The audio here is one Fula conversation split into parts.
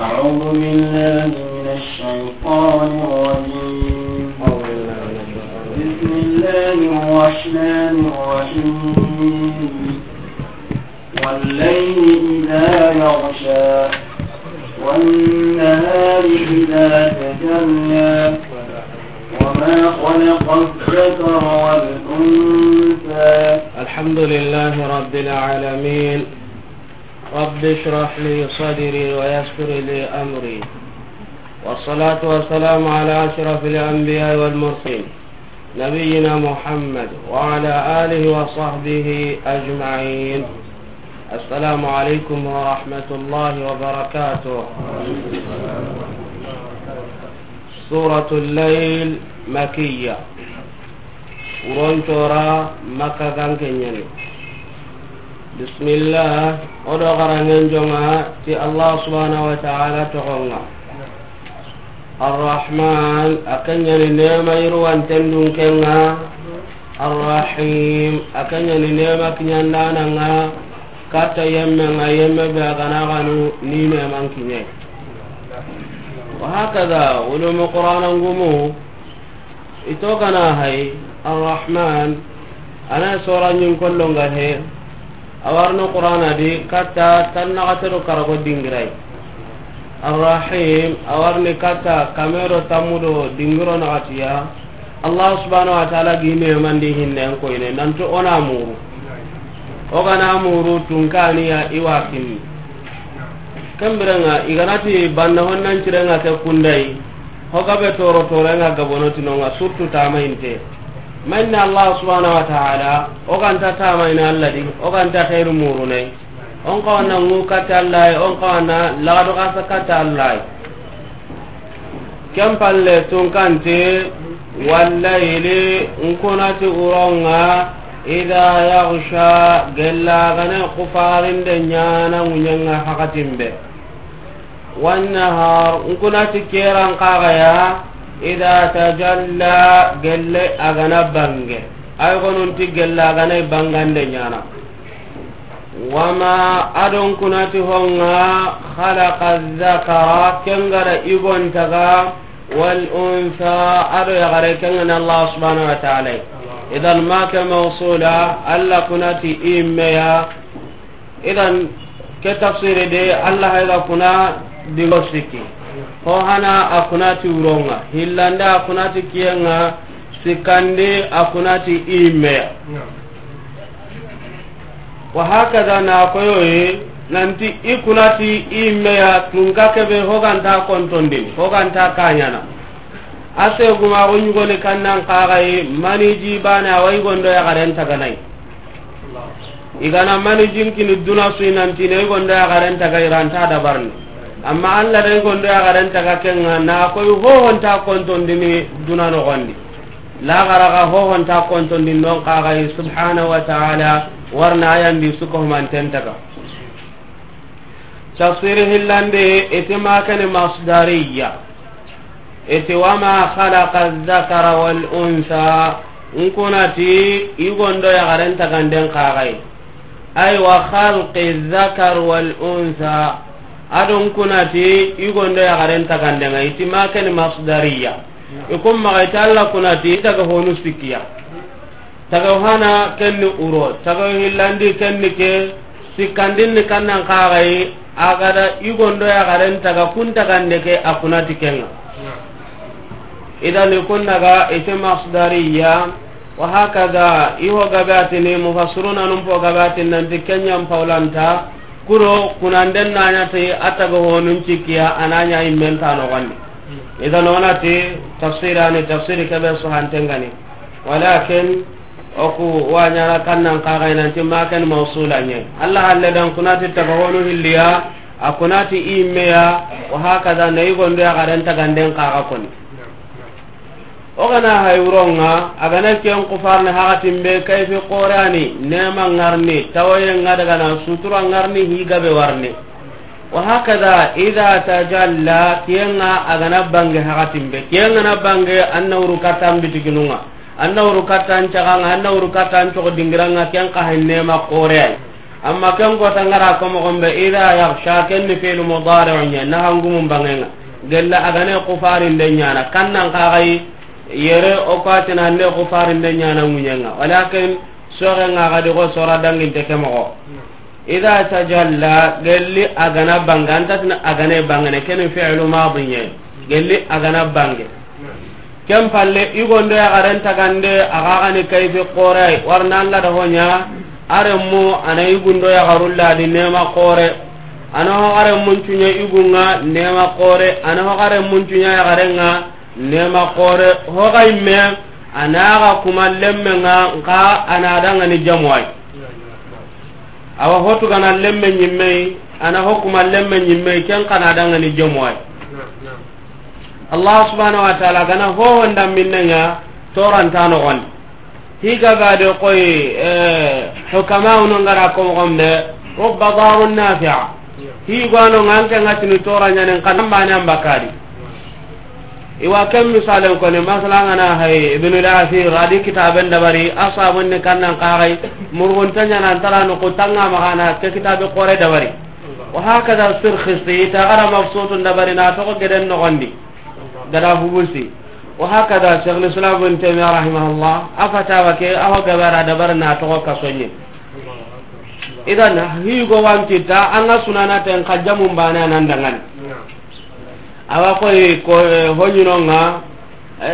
أعوذ بالله من الشيطان الرجيم بسم الله الرحمن الرحيم والليل إذا يغشى والنهار إذا تجلى وما خلق الذكر والأنثى الحمد لله رب العالمين رب اشرح لي صدري ويسر لي أمري والصلاة والسلام على أشرف الأنبياء والمرسلين نبينا محمد وعلى آله وصحبه أجمعين السلام عليكم ورحمة الله وبركاته سورة الليل مكية ورنتورا مكة كان بسم الله ودو غرانين جماعة تي الله سبحانه وتعالى تغنى الرحمن أكنيا نيما يروان تندون كنا الرحيم أكنيا نيما كنيا نانا kata yemme nga yemme be agana ganu ni me man kinye wa hakaza ulum arrahman ana sura nyun kollo he awarno qur'ana di tanna tannaxatero karago dingirai arrahim awarni kata kamero tamudo dingiro naxatiya allah subhanahu wa taala ginemandi hinnen koyne nanto ona muru ogana muru tunkaniya ya iwakin kembirenga iganati banna honnancirenga ke kundayi hogabe toro torenga gabonotinonga surtout tamainte manna allah subhanahu wa ta'ala o kan ta tama ina allah o kan ta khairu murunai on ka wanna ngu kata allah on ka wanna lagado kasa kata allah kem palle tun kante wallayli nkunati uronga ida yagsha gellagane kufarinde ñana ŋuñanga hakatimbe wannahar nkunati keran kagaya ida tajalla gelle agana bange ay gonunti gelle agana bangande nyana wama adon kunati honga khalaqa dhakara kengara igontaga wal unsa ado yagare kengana allah subhanahu wa ta'ala idan ma ka mawsula alla kunati immeya idan ke tafsiri de allah hayda kuna digo sikki ho hana akunati wuronga hillande akunati kiyenga sikandi akunati imeya wa hakaza na koyoye nanti ikunati imeya tunka kebe hoganta kontondini hoganta kanyana ase gumago ñugoni kannan kaxaye mani jibane awayi gondo yaxaren ganai igana mani jinkini duna sui nantine i gondo yaxaren tagay ranta dabarni amma allah dai gondo ya garan taga kenga na koy hohon ta konton dini duna no gondi la gara ga hohon ta konton dini don ka ga subhanahu wa ta'ala warna ayan di suko man tentaka tafsir hillande itima kan masdariya ete wama khalaqa adh-dhakara wal unsa nkunati igondo ya garan taga den ka ga ay wa khalqi adh-dhakar wal unsa adon kunati igondo ya garen tagandenga iti makani masdariya ikum magaita alla kunati daga honu sikiya taga hana kenni uro taga hillandi kenni ke sikkandinni kannan kagai agada igondo ya garen taga kun tagande ke akunati kenga idan ikun naga iti masdariya wa hakaza iho gabatini mufassiruna numpo gabatin nanti kenyan paulanta kuro kunanden nañati ataga honun cikkiya anaña immen tanogondi hmm. idan onati tafsir ani tafsiri keɓe sohantengani walakin oku na kannan kaxaynanti maken mausulañe allah dan kunati taga honu hilliya a kunati immeya wa hakada nayi gondoya xaren taganden kaxa koni ogana hayuronga agana ken kufar ne hakatin be kayfi qorani ne mangarni tawaye ngadaga na sutura ngarni higa be warne wa hakada idha tajalla kenga agana bangi hakatin be kenga na bangi annawru katam bitiginunga annawru katan cagang annawru katan cogo dingiranga ken kahin ne ma qorani amma ken go tangara ko mo gombe idha yaghsha ken ni fil mudari'in nahangumum bangenga gella agane kufarin de nyana kannan kagai ka yere o patin halle nyaana farin nga nyana munyenga walakin sore nga ga go sora dangin te kemogo idha tajalla gelli agana banga bange agane bangane kene fi'lu madhiye gelli agana bange ken palle igondo ya garen tagande aga gane kayfi qore warna alla da nyaa are mu ana igundo ya garulla di nema qore ana ho are igu nga nema qore ana ho are mun nema kore hoga imme anaga kuma lemme nga nga anada nga ni jamwai awa hotu gana lemme nyimme ana hokuma lemme nyimme ken kanada nga ni jamwai Allah subhanahu wa ta'ala gana ho honda minne nga toran tano on higa bade koy eh hukama onon gara ko gomde rubba darun nafi'a higa no nganke ngatini toranya nen kanamba nyamba kadi yeah. iwa kem misalen kone masalangana hay ibnu lafi radi kitaben dabari ne kannan kaxay murguntanyana nuku tanga magana ke kitabe kore dabari wahakada sir khisti tagara mabsutun dabari na togo geden nogondi gada hubusi wahakada cheikh lislam ibn taimia rahimahullah afatawa ke aho gabara dabari na togo kasonye idan higo ta anga sunanaten kajjamun bane anandangani awa koy ko nga e,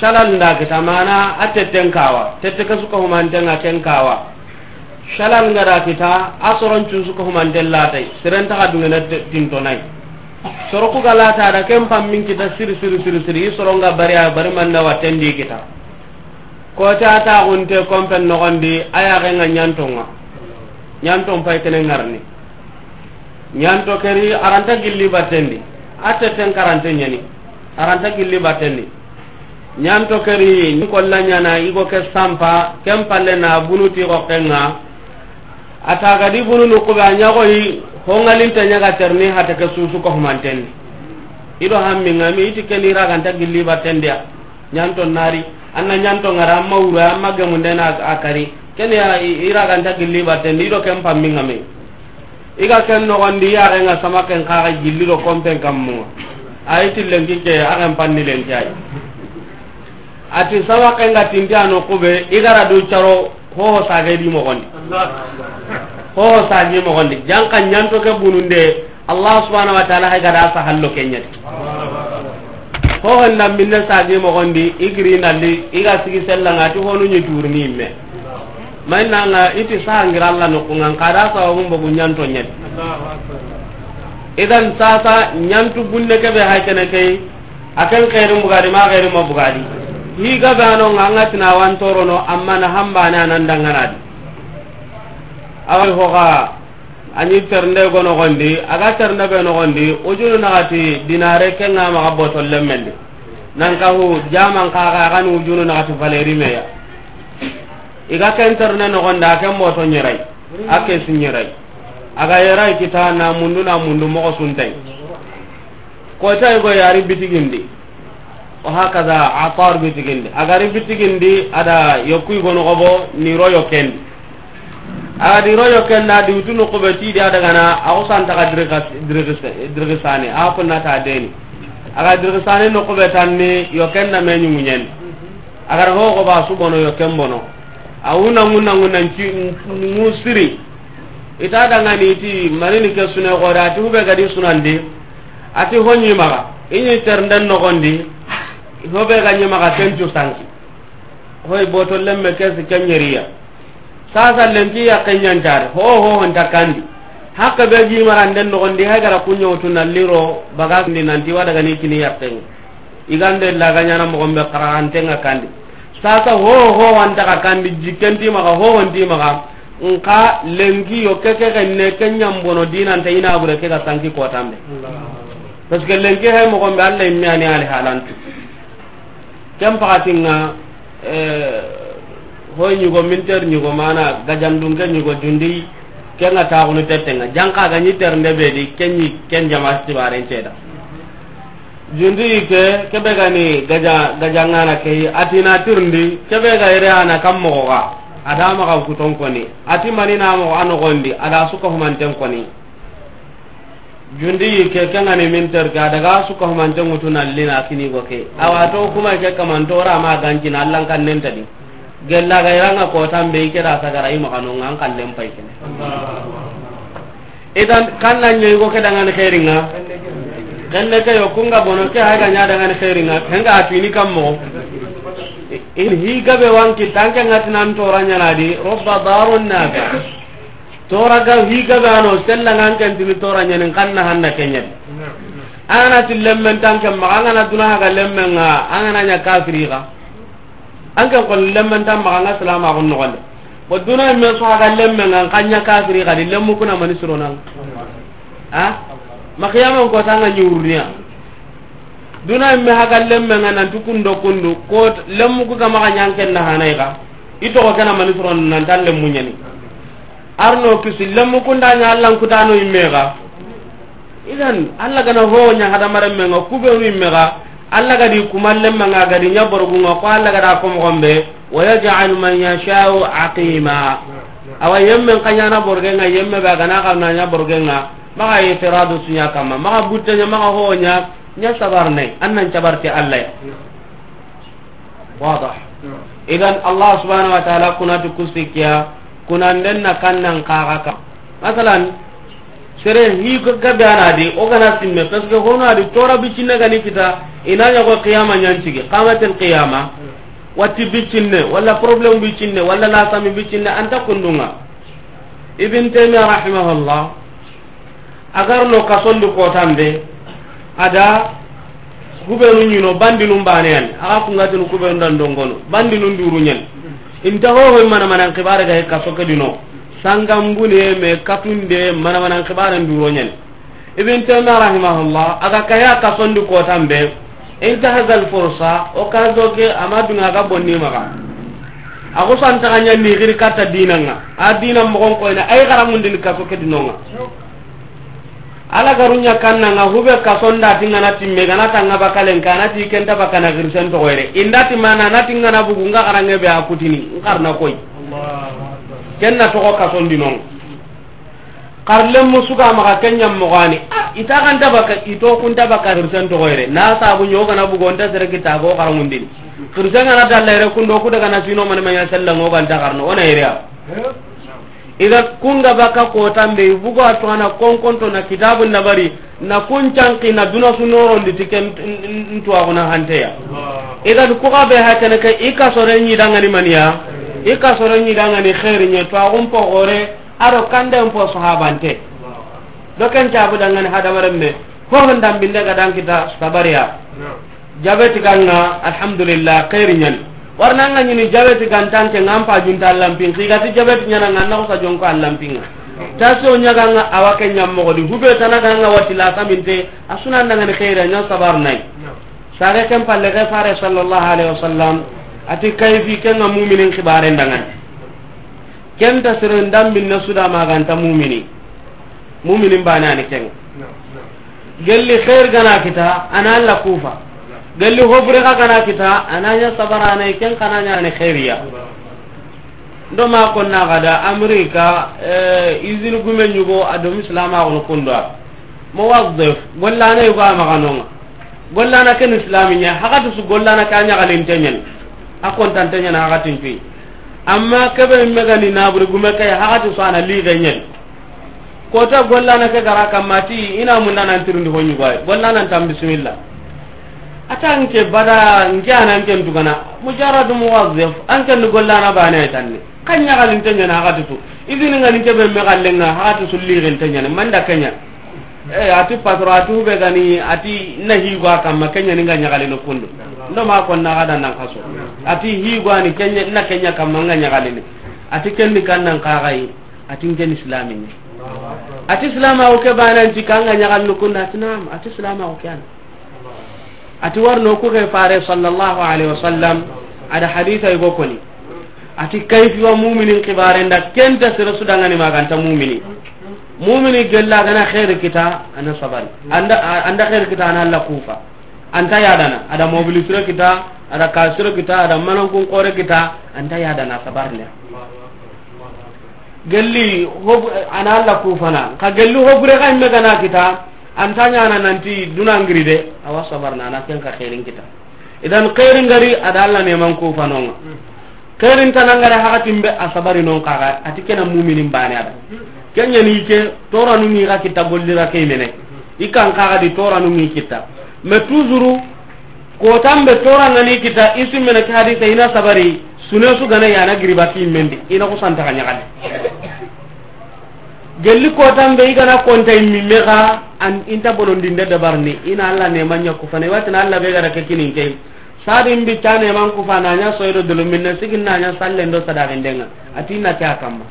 shalal nda kita mana atetten kawa tette ka suka humantenga ken kawa shalal da kita asoron cun suka humanten latai sirenta ka dungene tintonai soro ku ta da ken min kita siri siri siri siri soronga bari bari manna di kita ko ta ta gunte kompen di aya ga nyantonga fay pay kenen ngarni nyanto keri aranta gilli batendi ate ten karante ñani aranta gilli battendi ñanto keri ni kolla ñana igo ke sampa ken palle na bunuti qokenga atagadi bunu nukube a ñagoyi hongalinte ñaga terni hata ke susu kohumantendi ido hammingami iti keni raganta gilli battendiya ñanto nari anna ñanto ngara amma wuro amma gemundena a kari kene iraganta gilli battendi ido ken pammingami iga ken nogondi i axenga sama ken kaxa jilliro compen kam muga ayi tillenki ke axen panni lenki ay ati sama kenga tinti a nokkuɓe i gara du caro hoho sagedi mogondi hoho sagi mogondi janka ñantoke bununde allah subhanau wa taala hay gada sahallo kenñati hohen nambinne sagi mogondi i giri nalli iga sigi sellanga ati honu ñi turni imme maynanga iti sangir allah nokkunga kada sawagumbogu ñanto ñati idan sasa ñantu bunne keɓe hay kene key a ken xeeri mbugadi ma xeeri ma bugadi xigabe anonga a ngatina wantorono amma na xambane anandanganadi awa foxa añi ternde go noxondi aga ternde ɓe noxondi o junu naxati dinare kengamaxa botol lemmendi nankahu jaman kaxa xani u junu naxati valeri meya iga kenterne nogonda ake moto ñeray ake su ñeray aga yeray kita na mundu na mundu mogo ko ta go yari bitigindi o da atar bitigindi agari bitigindi ada yokkuy ni royo ken aga diro yokkenna diwutunu kube tiidi adagana axu santaxa dirgisane na ta deni aga dirgisane no tan tanni yokken na me ko agara su subono yokken bono a wunangu nangu nangu siri ita danga ni ti mari ni kesu ne gore ati hube ga di sunandi ati ho nyimaga inyi terndan no gondi hube ga nyimaga tenju sanki hoy boto lemme kesi kenyeria sasa lenki ya kenyanjar ho ho honta kandi haka be gi mara nden no gondi ha gara kunyo tuna liro baga ni nanti wada ga ni kini yakeng igande laganya na mo gombe karantenga kandi sasa hoo howantaka kandi jikkentimaka howontimaka nka lenkiyo kekekenne ke ñambono dinanta inaɓure kega sanki kotanɓe parce que lenki hay mogonɓe allah immiani ali halantu ken pakatinga eh, ho ñigo mintere ñigo mana gajandunke ñigo dundi kenga taxunu tettenga jangkaga ñi ternde ɓeedi keñi ken jama sibarenteda jundi ke kebe ni gaja gaja ngana ke ati na tirndi kebe ga ire ana kam mo ga ada ma ga kuton ni ati mani na mo ano ndi ada suka ko ni jundi ke kanga ni minter ga daga suka mutu mutuna lina kini go ke to kuma ke kamanto ra ma ganji na allan kan nen di gella ga iranga ko be ke ga sagara ma kanu ngan kan lempai kene idan kan nan yoy go ke dangan khairinga kenne ke yo kunga bono ke haga nyadangani xeringa henga atwini kam mo in higabe wanki tanke ngatinan tora nyanadi roba baron naga tora ga higabe ano sella ngankan tini tora nyanin kanna hanna kenyan angana ti lemmen tanke ma angana duna haga lemmen nga angana nya kafiri ga anke kon lemmen tan ma angana salama kun no wala ko duna me so haga lemmen nga kanya kafiri ga di lemmu kuna mani suronan ha ma xiyama n kotanga ñiwurniya duna me haga lemmenga nanti kundo kundu ko lemmuku gamaxa ñankenna hanay xa i toxo kena mani soron nanta lemmu ñani arno kisi lemmu kunda ña allankutano imme xa idan allah gana howo ñahadamarenmenga kuɓenu imme xa allah gadi kuma lemmenga gadi ñaborgunga ko allah gada komoxonɓe wayajal man yashau aqima awa yemmen xa ñana borgenga yemme ɓe aganaxarna ñaborgenga maga yeterado sunya kama maga guttenya maga honya nya sabar nay annan cabarte allah ya wadah idan allah subhanahu wa ta'ala kunatu kusikiya kunanden na kannan kaga ka masalan sere hi ko gabe anadi o gana simme parce que hono adi tora bi bicinne gani kita ina ya nyago qiyama nyancigi qamatel qiyama problem bi cinne wala la sami lasami cinne anta kundunga ibn taymiyah rahimahullah agarno kasondi kootan be ada kuɓenu ñino bandinum baneyani axa kungatini kuɓenu dan dongonu bandinum duruñen inta hohoy manamanan xibare gahe kaso kedino sangambune me katunde manamanan xibaren duroñen ibin taimia rahimahullah aga kahe a kasondi kootan be intahaza lfursa okaso ke ama dunga aga bonnimaxa axu santaxañanni xiri katta dinanga a dina moxon koyne ay xaramundini kaso kedinonga ala garunya kanna nga hube ka sonda tinga na timme gana tanga bakalen ka na tiken ta bakana girsen to gore inda ti mana na tinga na bugu nga karange be akutini ngarna koy kenna to ka sondi non karle musuga maka kenya mogani ah, ita kan ta baka ito kun ta baka girsen to gore na sa bu nyoga na bugu onta sere kita go karangundin girsen na dalere kun do ku daga na sino man manya sallan o ganta karno ona iriya ida kunga baka kootan be bugo a tuana konkonto na kitabu nabari na kuncanki na duna su norondi ti ke ntuwaguna hanteya ida kuka be hakeneke i kasore ñidangani maniya i kasore ñidangani heri ye tuwagun po gore aro kanden po sahabante do ken cabudangani hadamaren me hohon dambindega dankita sabariya jabetikanga alhamdulillah heri ñani warnanga ñini jaɓeti gantante ngampa junta a lampin sigati jaɓeti ñananga annakosa jonko a lampinga tasi o ñaganga awa ke ñammogodi huɓe tanaganga wati lasaminte a sunandangani xeeri a ña sabaru nayi sage ken palle ke fare sall llahu alayhi wa sallam ati kayfi kenga muminin xibare ndangani ken ta sere ndammin na suda maganta mumini muminin baneani kenga gelli xeer gana kita ana alla kuufa galli hobre ka kana kita ananya sabara ne ken nya ne khairiya ndo ma kon na gada amerika eh izin gumen nyugo ado islama ko kunda muwazzif golla ne ba ma kanon golla na ken islaminya haka su golla na nya galin tenyen akon tan tenyen haka fi amma kebe megani na bur gumen kay haka su ana li ganyen ta golla na ke gara kamati ina mun nan tirundi honyugo golla nan tam bismillah atanke bada njana ana nke ntugana mujaradu muwazzif anke ndugolla na bana ay tanni kanya galin tanya na hatu tu idini ngani ke be megallenga hatu sulli gel tanya na manda kanya eh ati patro atu be gani ati nahi gwa kam kanya ni nganya galin kundu ndo ma kon na gada nan kaso ati hi gwa ni kanya na kanya kama nganya galin ati kenni kannan ka gai ati ngen islamin ati islama o ke bana ntikanga nyagal nukunda ati nam ati islama o ke ana ati warno ku ke fare sallallahu alaihi wasallam ada haditha igo koni ati kayfi wa mu'minin nda kenta sira sudanga ni ta mu'mini mu'mini gella gana khair kita ana sabari anda anda khair kita ana la kufa anta yadana ada sura kita ada kasira kita ada manankun kore kita anta yadana sabarne gelli hob ana la kufana ka gelli hobure kan kana kita antañana nanti dunangiri de awa sabarna ana kenka xeerin kita idan xeerin gari ada allah neman kufanonga xeerin tanangara haxatin be a sabari non kaxa ati kena muminin bane ada keñani ke toranungi xa kitta gollira key mene i kan kaxa di toranungi kitta mais toujours kotan be torangani kita i simmene ke hadisa ina sabari sune su gana yana giribakimmendi ina kusantaxa ñaxade gelli kootan be igana kontay mimme ka an inta bolondinde dabarni ina allah neman ñakkufana iwatina allah be gara ke kinin key sarin bi ca neman kufana aña soyido dulu minne sigin naña sallendo sadakindenga ati nake a kamma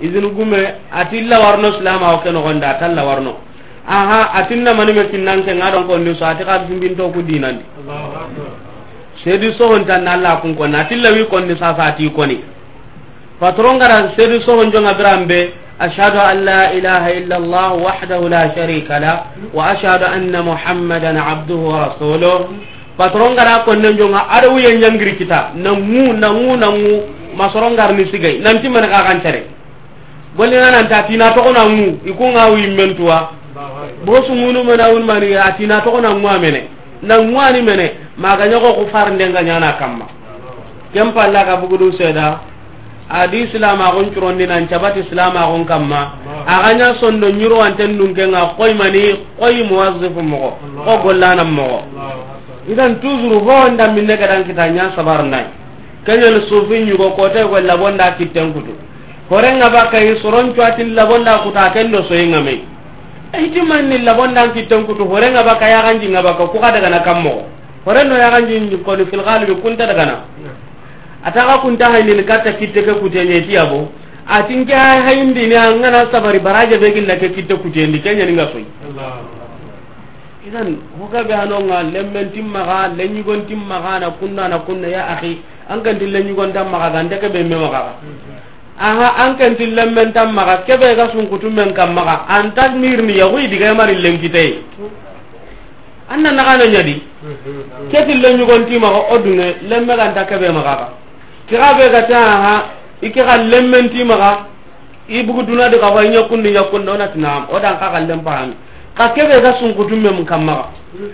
isin gume ati la warno silamawo ke nogonde atalla warno aha atinna manime kinnanke nga ɗon kondi so ati kaɓisimbinto ku dinandi seedi sohontan na allah kun konni atilla wi konni sasa ati koni patron gara seedi sohon jonga biran be أشهد أن لا إله إلا الله وحده لا شريك له وأشهد أن محمدا عبده ورسوله patron gara ko nan jonga ado wiya nyangri kita nan mu nan mu nan mu masoron gar ni sigay nan ti man ka kan tare golli nan nan ta ti na to na mu iko nga wi men tuwa bo su mu no mana un mani ya ti na to na mu amene nan mu ani mene maganya ko ko far ndenga nyana kamma kem palla ka bugudu seda adi islama gon curonni nan cabat islama gon kamma aganya sondo nyuro anten dunke nga koy mani koy muwazzif mo ko gollana mo idan tuzuru ho nda minne kadan kitanya sabar nai le sufi nyugo kote ko labonda kitten kutu horenga ba kay soron cuatin labonda kuta kendo soyinga me ayti eh, manni labonda kitten kutu horenga ba kay aganji ba ko kuka daga na kammo horeno yaganji ko ni fil ghalib kunta daga na ataka kunta haynini katta kitte ke kuteñetiyabo atinke haindini angana sabari baraje be gillake kitte kuteendi keñaninga soy idan hogaɓe hanonga lemmentin maxa leñigontin maxa na kunna na kunna ya axi ankenti leñigontan maxa ga nteke ɓe me maxaxa aha ankenti lemmentan maxa keɓe ga sunkutumen kam maxa anta mirni yahuy digae mari lenkitee an na naxano ñadi ketin leñigontimaxa o dune lemme ga nta keɓe maxaxa kira be gata ha ike ga i maga ibugu duna de wa nya kunni nya kunno na o dan ka pa pahami ka be ga sun kutum ma kamma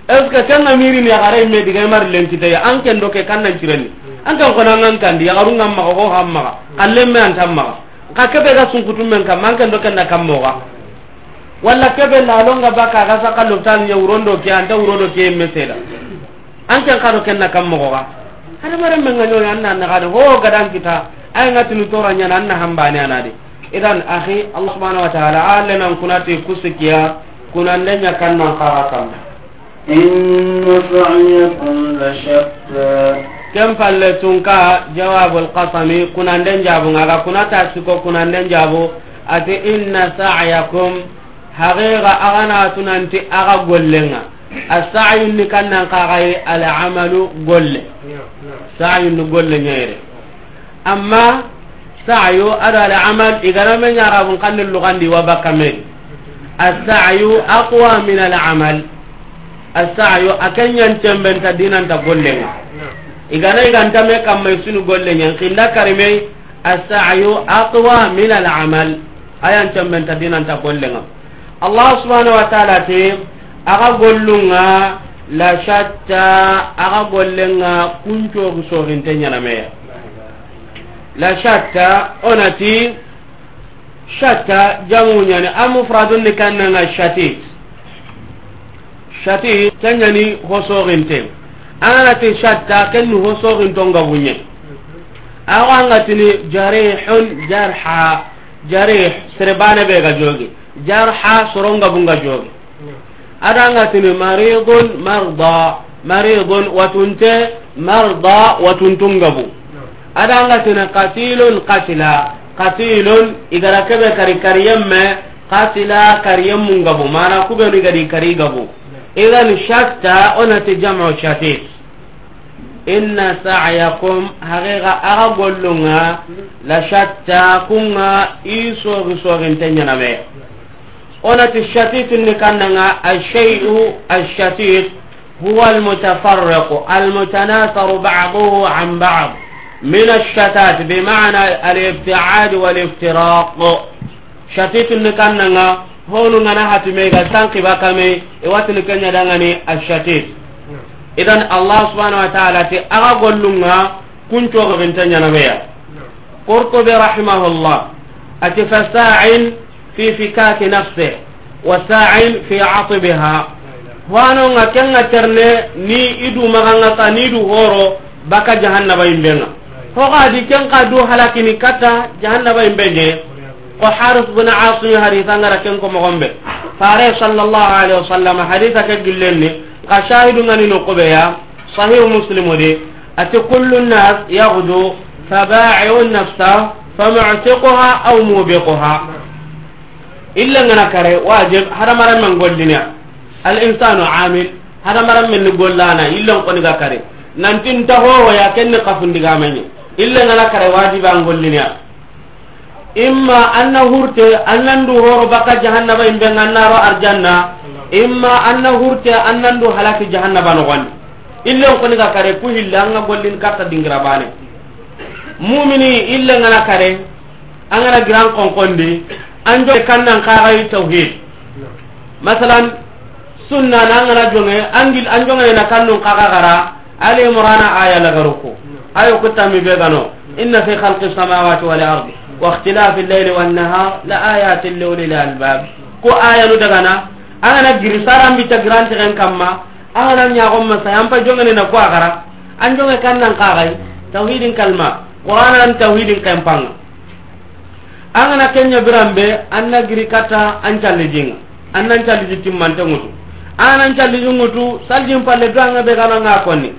es ka na miri ni re me diga mar lenti te an ken do ke jiren ni an kan kona nan kan dia garun ngam maka ko hamma kallem me antam maka ka be ga sun kutum me kam an ken do ken na mo ga walla kebe la longa baka ga sa kallo tan ya urondo ke anta urondo ke da an ka do ken na mo ga hada mare men nganyo anna na oh, kada ho gadan kita ay ngati ni tora nya anna hambane anade idan akhi allah subhanahu wa ta'ala alana kunati kusikia kunandenya kanna kharakam inna sa'yakum la shatta kem palle tunka jawabul qasami kunanden jabu ngaga kunata siko kunanden jabu ati inna sa'yakum haqiqa agana tunanti aga gollenga السعي اللي كان على العمل قل سعي اللي قل نيري أما سعي أرى العمل إذا لم يرى من قل اللغان وبك من السعي أقوى من العمل السعي أكن ينتم بنت الدين أنت قل لنا إذا لم نيغان تمي كما يسنو قل لنا خلا كرمي السعي أقوى من العمل أيان تم بنت الدين أنت قل لنا الله سبحانه وتعالى تيم aga gollunga la shatta aga gollenga kuncho so rinte nyaname la shatta onati shatta jamu nyane amu fradun ni kanna na shati shati tanyani hoso rinte ana te shatta ken hoso rinto nga bunye aga ngatini jarihun jarha jarih serbane be ga jogi jarha soronga bunga jogi adangatini maridun marda maridun watunte marda watuntungabu adangatini qatilun qatila qatilun igara kebe kari kariyemme qatila kariyemmungabu mana kubenu igadi karigabu idan shatta onati jamu shatit inna sa'yakum haqiqa aga gollunga la shatta kunga i sogi sogintenyaname قلت الشتيت اللي كان الشيء الشتيت هو المتفرق المتناثر بعضه عن بعض من الشتات بمعنى الابتعاد والافتراق شتيت اللي كان هون انا هاتمي تنقي بكمي اللي كان يدانني الشتيت إذن الله سبحانه وتعالى أقول لنا كنت أغبنتني نبيا قرطبي رحمه الله أتفستاعن في فكاك نفسه وساع في عطبها وانا كنا ترني ني ادو مغانا ني دو هورو بكا جهنم بين بينا هو غادي كان قادو هلاكني كتا جهنم بين بينه وحارث بن عاصم حديثا نركنكم مغمب فاري صلى الله عليه وسلم حديثك كجلني قشاهد من نقبيا صحيح مسلم دي أتي كل الناس يغدو فباعوا النفس فمعتقها أو موبقها illa ngana kare wajib hada maran man gollinya al insanu amil hada maran men gollana illa ko ni ga kare nantin ta ho ya ken ka fundi ga menye illa ngana kare wajib an gollinya imma anna hurte annandu horo baka jahannaba imbe ngannaro arjanna imma anna hurte annandu halaki jahannaba no gonni illa ko ni ga kare ku hilla anga gollin karta dingira bane mu'mini illa ngana kare angana giran konkondi an jo kannan kaxay tawhid masalan sunna na ngana jonge angil an jonge na kannu kaga gara ali imran aya la garuko ayo kutami be gano inna fi khalqi samawati wal ardi wa ikhtilafi al-layli wan nahar la ayatin li ulil albab ko aya lu daga na ana girsaram bi tagrant ren kamma ana nya gom ma sayam pa jonge na ko gara an jonge kannan kaga tawhidin kalma qur'an an tawhidin kampanga angana kenya birambe anna giri kata an calli jinga annan calli jittim mante ngutu anna calli jungutu saljin palle do anga be gana ngakoni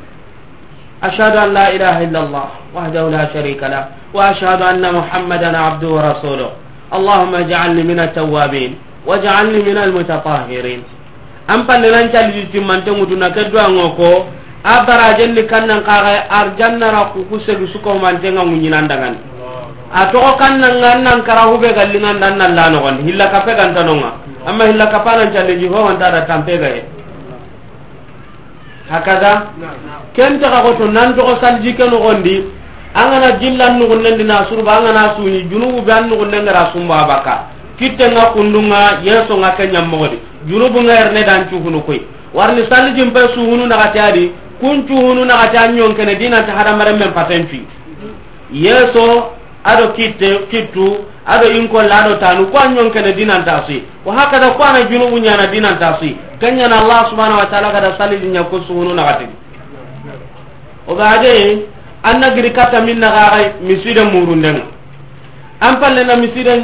ashadu an la ilaha illa allah wahdahu la sharika la wa ashadu anna muhammadan abduhu wa rasuluhu allahumma ja'alni min at-tawwabin waj'alni min al-mutatahhirin an palle nan calli jittim mante ngutu na kedua ngoko ko abara jenni kannan kaga arjanna ra ku kusegu suko mante nga a toxo kan nanga n nan karahube gallingandan nalla noxondi xila kape gantanonga ama xila kape anan calliji howantaada tanpegaye hakada ken taxa xoto nan toxo salji ke noxondi a ngana jilla n nuxunnendi na surba a ngana suuñi junubube an nuxunnengera sumba a bakka kittenga kundunga yesonga ke ñammoxodi junubunga erne dan cuhunu koy warni salijimpe suhunu naxate adi kun cuhunu naxate a ñon kene dinanta hadamaren men paten fi yeso ado kitte kittu ado inkolla ado tanu ko anyon kene dinanta si wa hakada ko ana junubu nyana dinanta si ganyana allah subhanahu wa ta'ala kada sali salili nyako suhunu nagati o baade anna giri kata min na gaga misida murundenga an palle na misida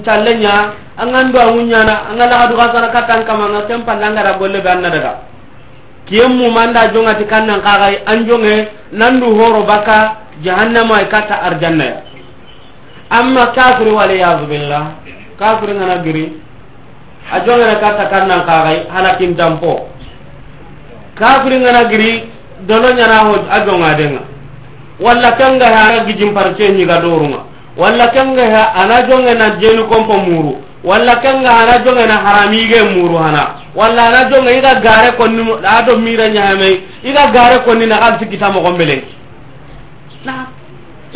ntallenya an an do amunya na an ala hadu kasana kata an kama na tempa langa da golle be anna daga kiyem mu manda jonga tikanna gaga an jonge nandu horo baka jahannama kata arjanna amma kafiri wala yaazu billah kafiri ngana giri a jongana katta kannan kaxay halakin tampo kafiri ngana giri dono ñanaho a jonga denga walla kengaha ana gijin parce ñiga doorunga walla kengaha ana jongena jenu compo muru walla kengaha ana jongena haramiige muru hana walla ana jonga iga gare konni a do mira ñahamay iga gare konni naxal sikkita moxon belenki naa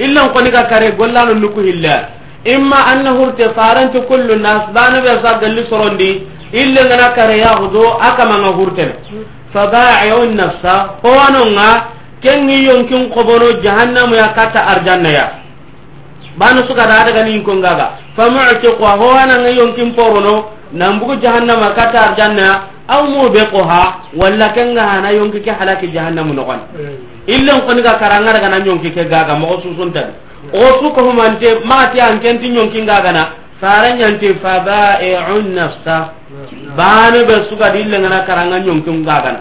illan koni ga kare gollano nuku hilla imma anna hurte faranti kullu nas banu be sa galli sorondi illa ngana kare ya hudo aka manga hurten fa ba'u nafsa ko anonga kengi yonkin qobono jahannam ya kata arjanna ya banu suka da daga ni ko ngaga fa mu'tiqu ho ananga yonkin porono nambugu jahannama kata arjanna aw mo be ko ha walla kenga hana yonki ke halaki jahannamu nokon eh. illa ko ni ga karanga daga nan yonki ke gaga mo susun tan o su ko humante ma ti an ken tin yonki gaga na faran yanti fa ba'i'un nafsa bani be suka dille ngana karanga yonki gaga na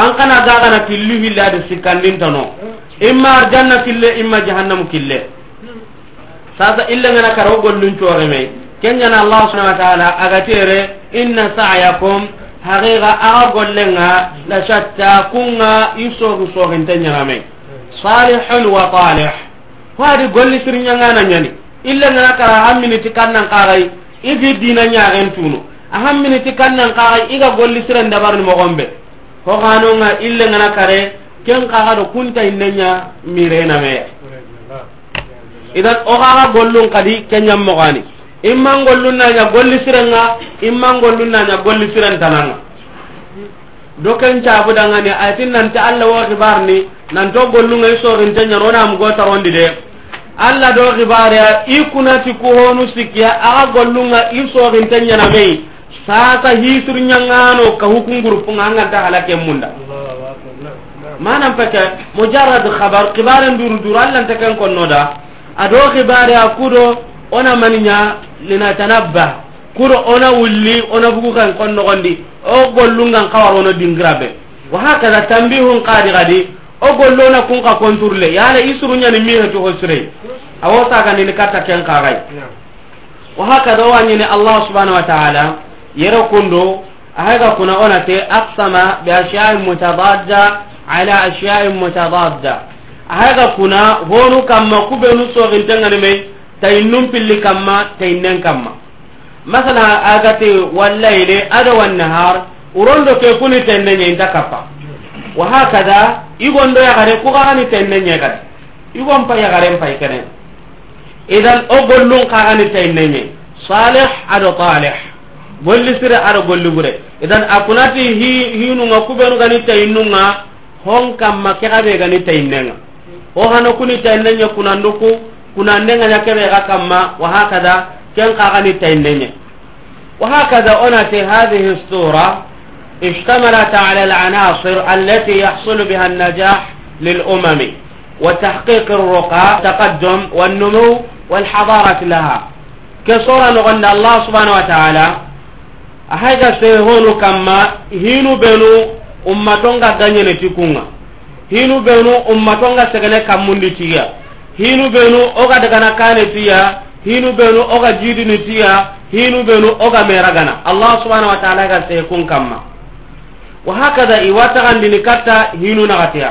an kana gaga na fillu billahi sikandin tano eh. imma arjanna fille imma jahannamu kille hmm. sasa illa ngana karo gollun chore mai kenjana allahu subhanahu wa ta'ala agatere inna sa'yakum haqiqa aga gollenga la shatta kunga isogu sogin tenyarame salihun wa talih fadi golli sirinya ngana nyani illa na kara hammini tikannan qaray igi dinanya entuno ahammini tikannan qaray iga golli siran dabarni mogombe ko kanunga illa na kare ken kaga do kunta innenya mirena me idan o kaga gollun kadi kenyam mogani imma ngollu naña golli sirenga imma ngollu naña golli siren tananga doken cabudangani atin nanti allah wo xibar ni nanto gollungai sorinte ñaronaam gotarondi de allah do xibarea i kunati kuhonu sikkia axa gollunga i sorinte ñanamei sasa hiturñangano ka hukum groupe nga nganta halake munda manam feke mujarad xabar xibaren durduru allante ken konnoda ado xibarea kudo ona maniña lina tanabba kuro ona wulli ona bugu kan kon nogondi o gollungan kawar ono dingirabe wa hakaza tambihun qadi gadi o gollo na kun ka konturle yala isurunyani mi hatu hosre awo saka ni nikata ken kagai wa hakaza wa ni allah subhanahu wa ta'ala yero kundo ahaga kuna ona te aqsama bi ashya'i mutadadda ala ashya'i mutadadda ahaga kuna honu kam makube nu so gintanga ni mai tay numpilli kamma tay nen kamma masala agati wallayli ada wannahar urondo ke kuni tennenye inta kappa wa hakada igondo yagare kugani tennenye kat igon pa yagare mpay kenen idan o gollun kagani tennenye salih ado talih golli sire ado golli bure idan akunati hi hinu nga kubenu gani tayinu nga hon kamma ke gani tayinenga o hanoku ni tennenye kunanduku kuna ndenga nyakebe ga kamma wa hakada ken kagani taindenye wa hakada onate hadhihi sura اشتملت على العناصر التي يحصل بها النجاح للأمم وتحقيق الرقى التقدم والنمو والحضارة لها كصورة نغن الله سبحانه وتعالى أحيث سيهون كما هينو بنو أمتونغا غنيني تكونا هينو بنو أمتونغا سغنى كمون تيجا hinu benu oga dagana kane tiya hinu benu oga jidini tiya hinu benu oga mera gana allah subhanahu wa ta'ala ga sai kun kamma wa hakada iwata kan dini katta hinu na katia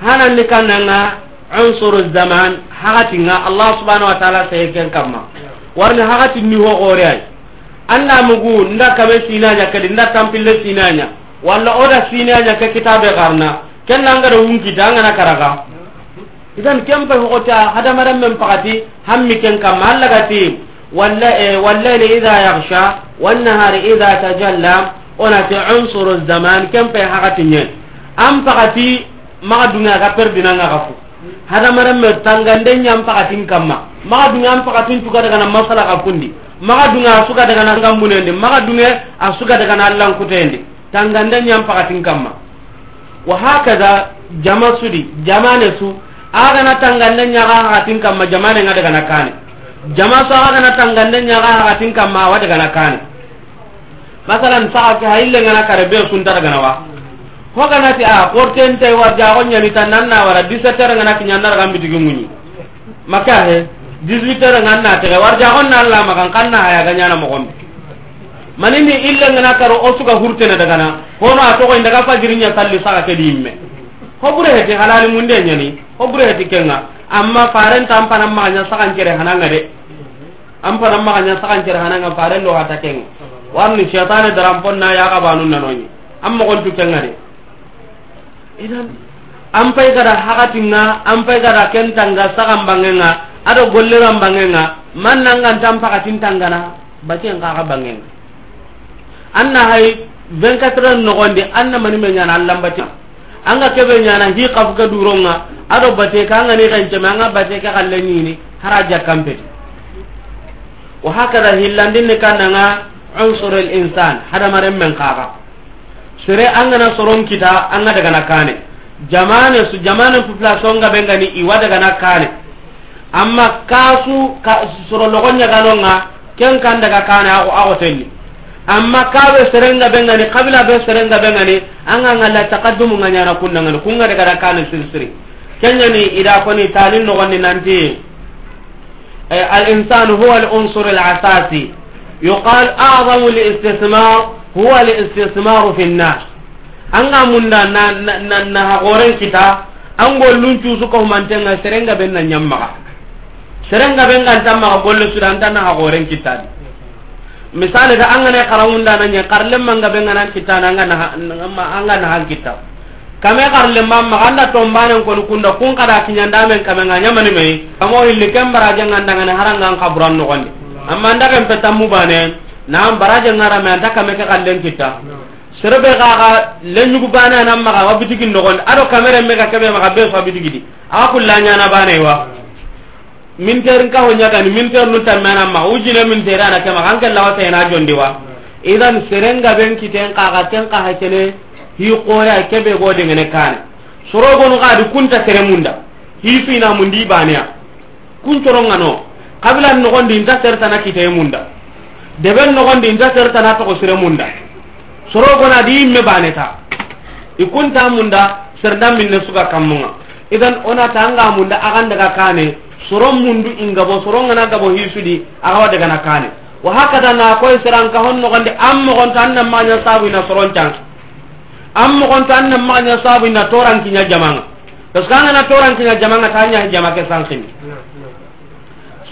hanan ni kananga unsuru zaman hakati nga allah subhanahu wa ta'ala sai kan kamma warni hakati ni ho gore ay anda mugu nda kabe sinanya kadi nda tampille sinanya walla oda sinanya ke kitabe karna kenna ngada wun kitanga na karaga idan kem pa hokota hada maram men pakati hammi ken kam mallagati walla e walla ni idha yaghsha wan nahari idha tajalla ona ti unsuru zaman kem pa hakati nyen am pakati ma dunya ga perdina nga gafu hada maram men tangande nyam pakati kamma ma dunya am pakati tu kada kana masala ka kundi ma dunya suka daga nan gambunende ma dunya asuka daga nan lan kutende tangande nyam pakati kamma wa hakaza jama sudi jama ne su di, agana tangande ñagaaxatin kamma jamanenga degana kane jama so agana tangande ñagaaxatin kamma awa degana kane masalan saxa ke xa illengana kare be sunta dagana ah, wa foganati a portentay war jaxo ñanita nanna wara 17 heure nga naki ñanna ragan bitigi muñi make a xe 18 heure ngan na texe war jaxon na lamaxan xan na xayaga ñana moxon ɓe manini illengana kare o suga xurtene dagana hono a toxoy ndaga fajiri ña salli saxa ke diimme ko ɓure xeti xalali mun de ñani oɓureti kenga amma faren ta ampana maxaña saxancere xananga de ampana maxaña saxancere xananga faren lowata kenga warni cheitane daram pon na yaxaɓanu nanoñi an moxontu kenga de idan an pay gada haxatinga an pay gada ken tanga saxan bangenga aɗo golliran bangenga man nangantan paxatin tangana bakeng xaxa bangenga an na hay 24 heure noxondi an na manimeñana an lambatia anga keɓe ñana hi xafuke duronga ado bate ka nga ni xen ceme anga bate ka xalle ñini xara jakkampeti wa hakada hillandin ni kananga unsur l insan hadamaren men xaxa sere angana soron kita anga dagana kane jamane su jamane population nga ɓengani iwa dagana kane amma kasu ka, soro loxoñaganonga ken kan daga kane a xotenni amma kaɓe serenga ɓengani kabila ɓe serenga ɓengani anga ngalla takadumu ga ñana kunnangani kunga dagana kane sirsiri kenyani ida koni talin nogoni nanti الإنسان هو العنصر الأساسي يقال أعظم الاستثمار هو الاستثمار في الناس أنا من نها قرن كتا أنا قول لنشو سكوه من تنها سرنجا بيننا نيمغا سرنجا بيننا نيمغا قول لسودان تنها قرن كتا مثال إذا أنا نقرأ من دانا نيقر لما نها بيننا نيمغا نها نها نها نها kame xarle mamma anda tombanen koni kunda kun kada kiñandamen kamenga ñamani mayi kamo hilli ken barajengandangane harangan xaburan noxondi amma ndaxen pe tammubane naan barajengarame anta kame ke xallen kitta serebe xaxa leñugu bane anan maxa wa bitigi noxondi ado kameren mega keɓe maxa be fa bitigi di axa kulla ñana banei wa mintere nkaho ñagani mintere nu tamme anan maxa ujine mintere anake maxa an ken lawa tena jondi wa idan serengaɓen kiten xaxa ken xaxa kene hi koore a keɓe go dengene kane sorogonu gaadi kunta sere munda hi finamundi baneya kuncorongano kabilan nogondi inta sertana kitee munda deɓen nogondi inta sertana togo sere munda sorogona di yimme baneta i kunta munda serdanminne suga kammunga idan onata anga munda agan daga kane soro mundu ingabo sorongana gabo hisudi agawa dagana kane wahakada na koy seranka hon nogondi an mogonta an namaña sabu ina soron cangi an mogonta an nammaxaña saabu na torankiña jamanga parce que angana torankiña jamanga ta ñaxe jama ke sanxini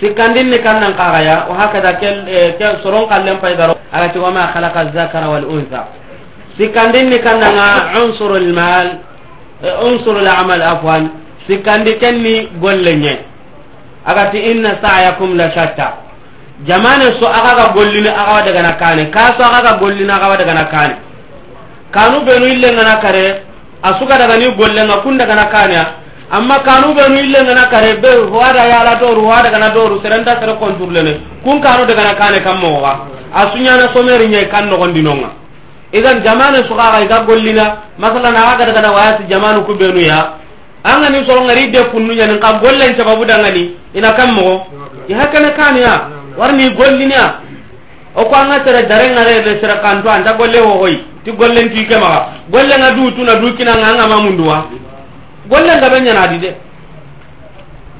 sikkandin ni kan nan kaxaya wa hakada ke e, soron qallen paygaro agati wama halaka zakara walunha sikkandin ni kan nanga unsuru lmal e, unsuru lamal afwan sikkandi ken ni golle ñe agati inna sayakum la shatta jamane so axaga gollini axawa dagana kane kaso axaga gollini axawa dagana kane kanu benu ille ngana kare asuka daga ni golle nga kunda gana kanya amma kanu benu ille ngana kare be huada ya la doru huada gana doru serenda sere kontrole ne kun kanu daga na kane kammo wa asunya na someri nyai kan no gondi nonga idan jamane suka ga ga gollina masala na aga daga na wayasi jamanu ku benu ya anga ni so ngari de kunnu nyani kam golle en tababu daga ni ina kammo ya hakana kanya warni gollina o ko anga tere dare ngare le sere kantu anda golle ho hoyi ti gollen ti ke maga golle nga du tuna du kina nga nga wa golle nga benya di de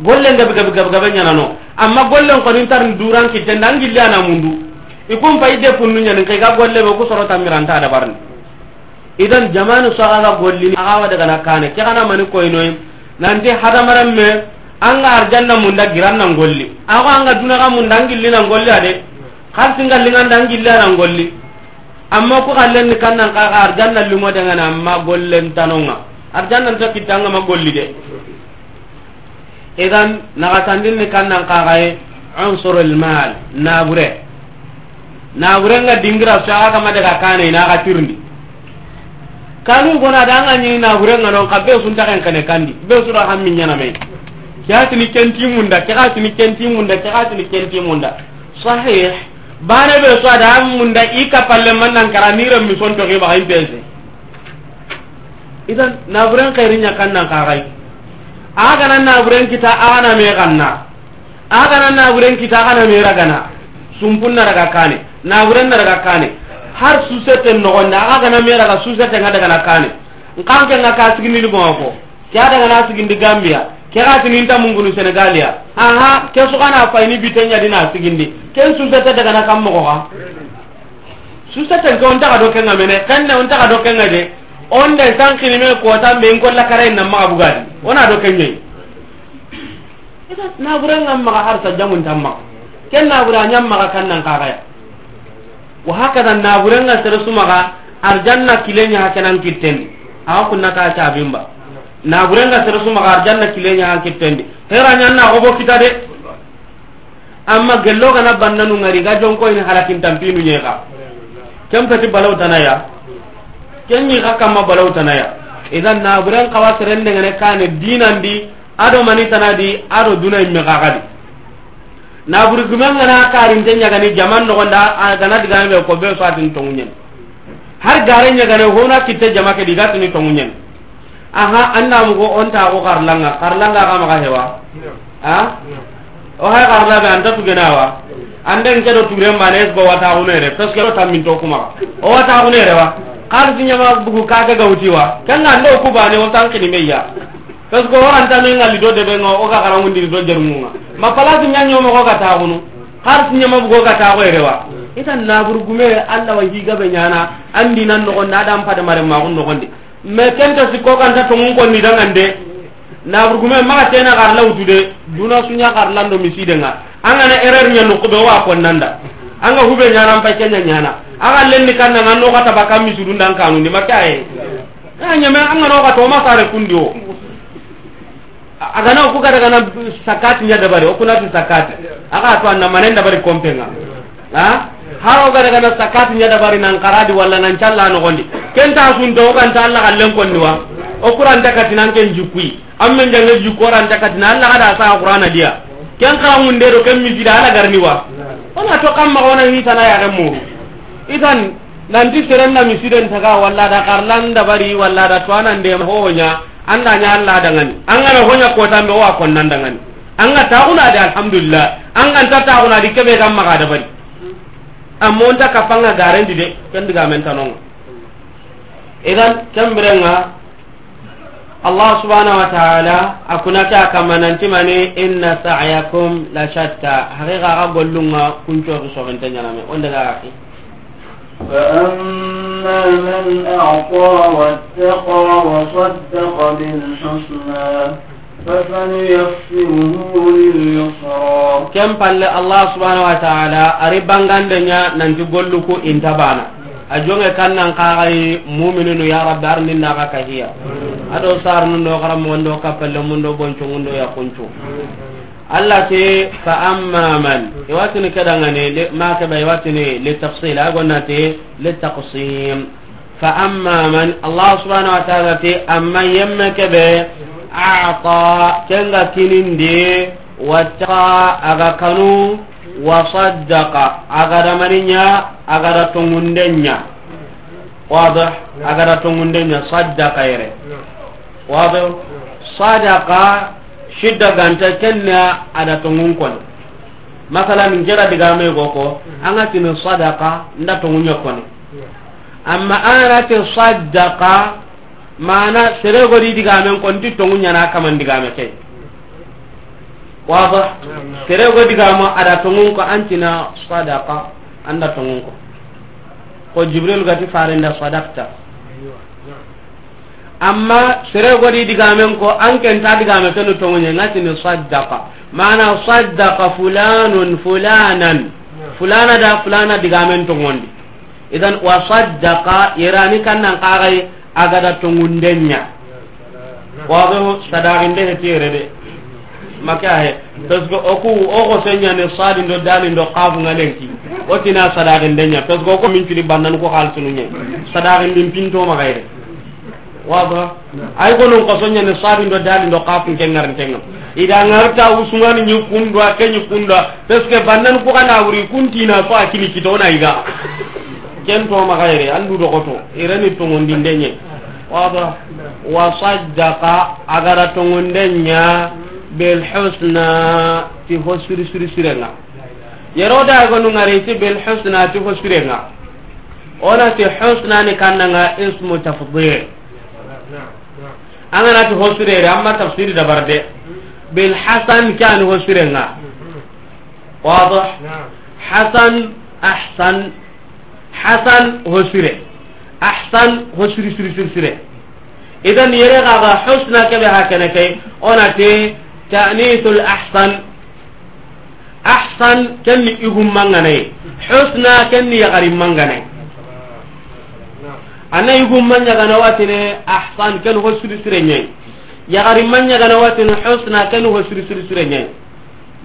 golle nga be gabe gabe nya no amma golle ko nin tar duran ki tan ndangi lana mundu ikum pay de kunnu nya ni ga golle be ko soro tamiranta da barni idan jamanu sagaga golli aga daga na kane ke kana mani koy noy nanti hadamaran me anga arjanna munda giran nan golli aga anga dunaga munda ngilli nan golli ade ngolli tingal lingan dan gilla nan golli amma ku xallenni kannan kaa arjanna lumo dengane amma gollen tanonga arjannan ta kittangama golli de idan naxatandinni kannan kaaxaye unsur lmal nabure nabure nga dingira soagama daga kane inaxa tirndi kanu gona da nga ñini nabure nga non xa be suntaxen kene kandi be sura xa miñanamei ke xa sini kentimunda ke xa sini kentimunda ke xa sini kentimunda sahih bana be so ada munda ika palle nan karamira mi son to ba hin pense idan na buran kairinya kan ka kai aga nan na buran kita ana na me ganna aga nan na buran kita ana na me ragana sumpun na raga kane na buran na raga kane har su sete no na aga na me raga su sete ngada kana kane kan ke ka sigini ni mo ko kya daga na sigindi gambia keratininta mungunu senegalia aha ke sugana fayini bitenyadina sigindi ken susete dagana kam mogoxa susetenke ontaxa do kenga mene kenne ontaxa do kenga de onde san kinime kootan ɓe ngolla kara in namaxa bugadi wona do kenñoyi naburengan maxa harsa jamuntan maxa ken nabure a ñam maxa kan nang kaxaya wa hakada naburenga seresumaxa arjanna kile ñaha kenan kitten axa kunnaka cabinba naɓurenga sere sumaga ar janna kileñagankettendi herañanna xobo kita de amma gelloogana bannanungari ga jonkoyni halakintanpinu ñeexa ken peti balawtanaya ken ñiixa kamma balawtanaya idan naɓuren qawa seren ndengene kane dinandi aɗo manitana di aɗo dunay mexaxadi naɓuri gumengana karinte ñagani jaman noxonda gana digaeɓe ko ɓe soatini tonguñen har gare ñagane hona kitte jama kedi gatini tonguñen aha annamugo onta ko xarlanga xarlanga xamaxa hewa a o xay xarlaɓe anta tugenawa anden keɗo turenmbane es bo wataxunere parce que ɗo tammin to kumaxa o wataxunerewa xalisi ñama bugu kake gawtiwa kenga ande o kubane o tankinime ya parce que o antamenga lido deɓenga o ga xarangundiri do jarugunga ma place ñañomoxo ga taxunu xalisi ñama bugo ga taxoerewa itan naɓurgume allah wa higaɓe ñana andinan noxonde aɗan paɗe marenmaxun noxondi me kenta sikkokanta tongunkonni dangan de naburgume maa tena xarlawutu de duna suña xarlando misidenga angana erreur ñannu kuɓe wa konnanda anga huɓe ñanan pa kenya ñana aga lenni kannanga noxa taba kan misudu ndan kanundi maka ye a e, ñame anganoxa toma sare kundi o agana oku gada gana sakati ña dabari okunati sakati aga to anna manen dabari compe nga a xar o gada gana sakati ña dabari nan xaradi walla nan callanoxondi kenta sunta oganta alla kallen konniwa o kuranta katinan ken jukkui amme jange jukku oranta katina alla kada sa qur'ana diya ken ka hunde do ken misida ala garniwa ona to kamma ona hitana ya gammu idan nanti serenna misiden taga walla da karlanda bari walla da tuana ndem hoonya anda nya alla dangani angara honya ko tambe wa kon nandangani anga taquna da alhamdulillah anga ta taquna dikabe kamma kada bari amma onta kapanga garen dide ken diga mentanong idan kembirenga allah subhanahu wa ta'ala akuna ka kamananti mani inna sa'yakum la shatta haqiqa ga gollunga kunco ko sogonta nyana me onda ga ki فأما من أعطى واتقى وصدق بالحسنى ken palle allah subhanahu wa ta'ala ari bangandenya nanti golluku intabana a jonge kannan kaxay muminunu ya rabbi arnin naxa kahiya ado sarnundo xaramogondo kappalle mundo boncongundo yakuncu allah te fa amma man iwatini kedangani ma keɓa iwatini litafsil a gonnate litaqsim fa amma man allah subhanau wa taala te amma yemme keɓe ata kenga kinindi wattaqa aga kanu wasaddaqa agada maninya agada tongundenya wadah agada tongundenya saddaqa yere wadah sadaqa shidda ganta kenna ada tongun kon masala min jira diga me goko anga tinu sadaqa nda tongunya koni amma ara te saddaqa mana sere gori diga men kon ti tongunya na kaman diga me kai waba tere go digama ada tongon ko antina sadaqa anda tongon ko ko jibril gati fare nda sadaqta amma tere go di digamen ko anken ta digame to no tongonye ngati ni sadaqa mana sadaqa fulanun fulanan fulana da fulana digamen tongondi idan wa sadaqa irani kannan qaray agada tongundenya wa go sadaqin de tere de makahe parce que oku ogo senya ne sadi ndo dali ndo qafu ngalenki otina sadaqi ndenya parce que ko min cili bannan ko hal sununye sadaqi ndin pinto magaire waba ay ko non ko sonya ne sadi ndo dali ndo qafu kengar kenga ida ngarta usmani nyu kundwa kenyu kundwa parce que bannan ko kana wuri kuntina fa akini kitona iga kento magaire andu do goto irani tongondi ndenye waba wa saddaqa agara tongondenya bel husna ti ho suri suri sire nga yero da go nu ngare ti bel husna ti ho sire nga ona ti husna ni kanna nga ismu tafdhil angana ti ho sire re amma tafsir da barde bil hasan kan ho sire nga wadah hasan ahsan hasan ho sire ahsan ho suri suri sire idan yere ga ga husna ke be hakene kay ona ti تأنيث الأحسن أحسن كن يهم مانغاني حسنا كن يغري مانغاني أنا يهم مانجا غنواتنا أحسن كن هو سري سري نين يغري مانجا غنواتنا حسنا كن هو سري سري سري نين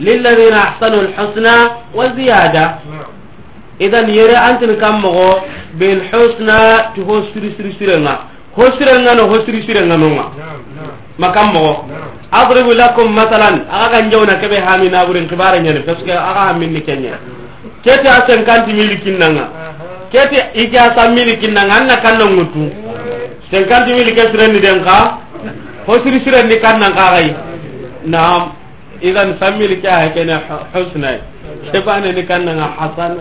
للذين أحسنوا الحسنى وزيادة إذا يرى أنت كم مغو بالحسنى تهو سري سري سري نا هو سري نا هو سري سري نا نوما makam mogo adribu lakum masalan aga ga njawna kebe hamin aburin kibara nyane parce que aga hamin ni kenya kete a 50 mili kinanga kete ija sa mili kinanga anna kanno ngutu 50 mili kesre ni denka ho siri sire ni kanna ngai naam idan samili kya hai kene husna kebane ni kanna nga hasan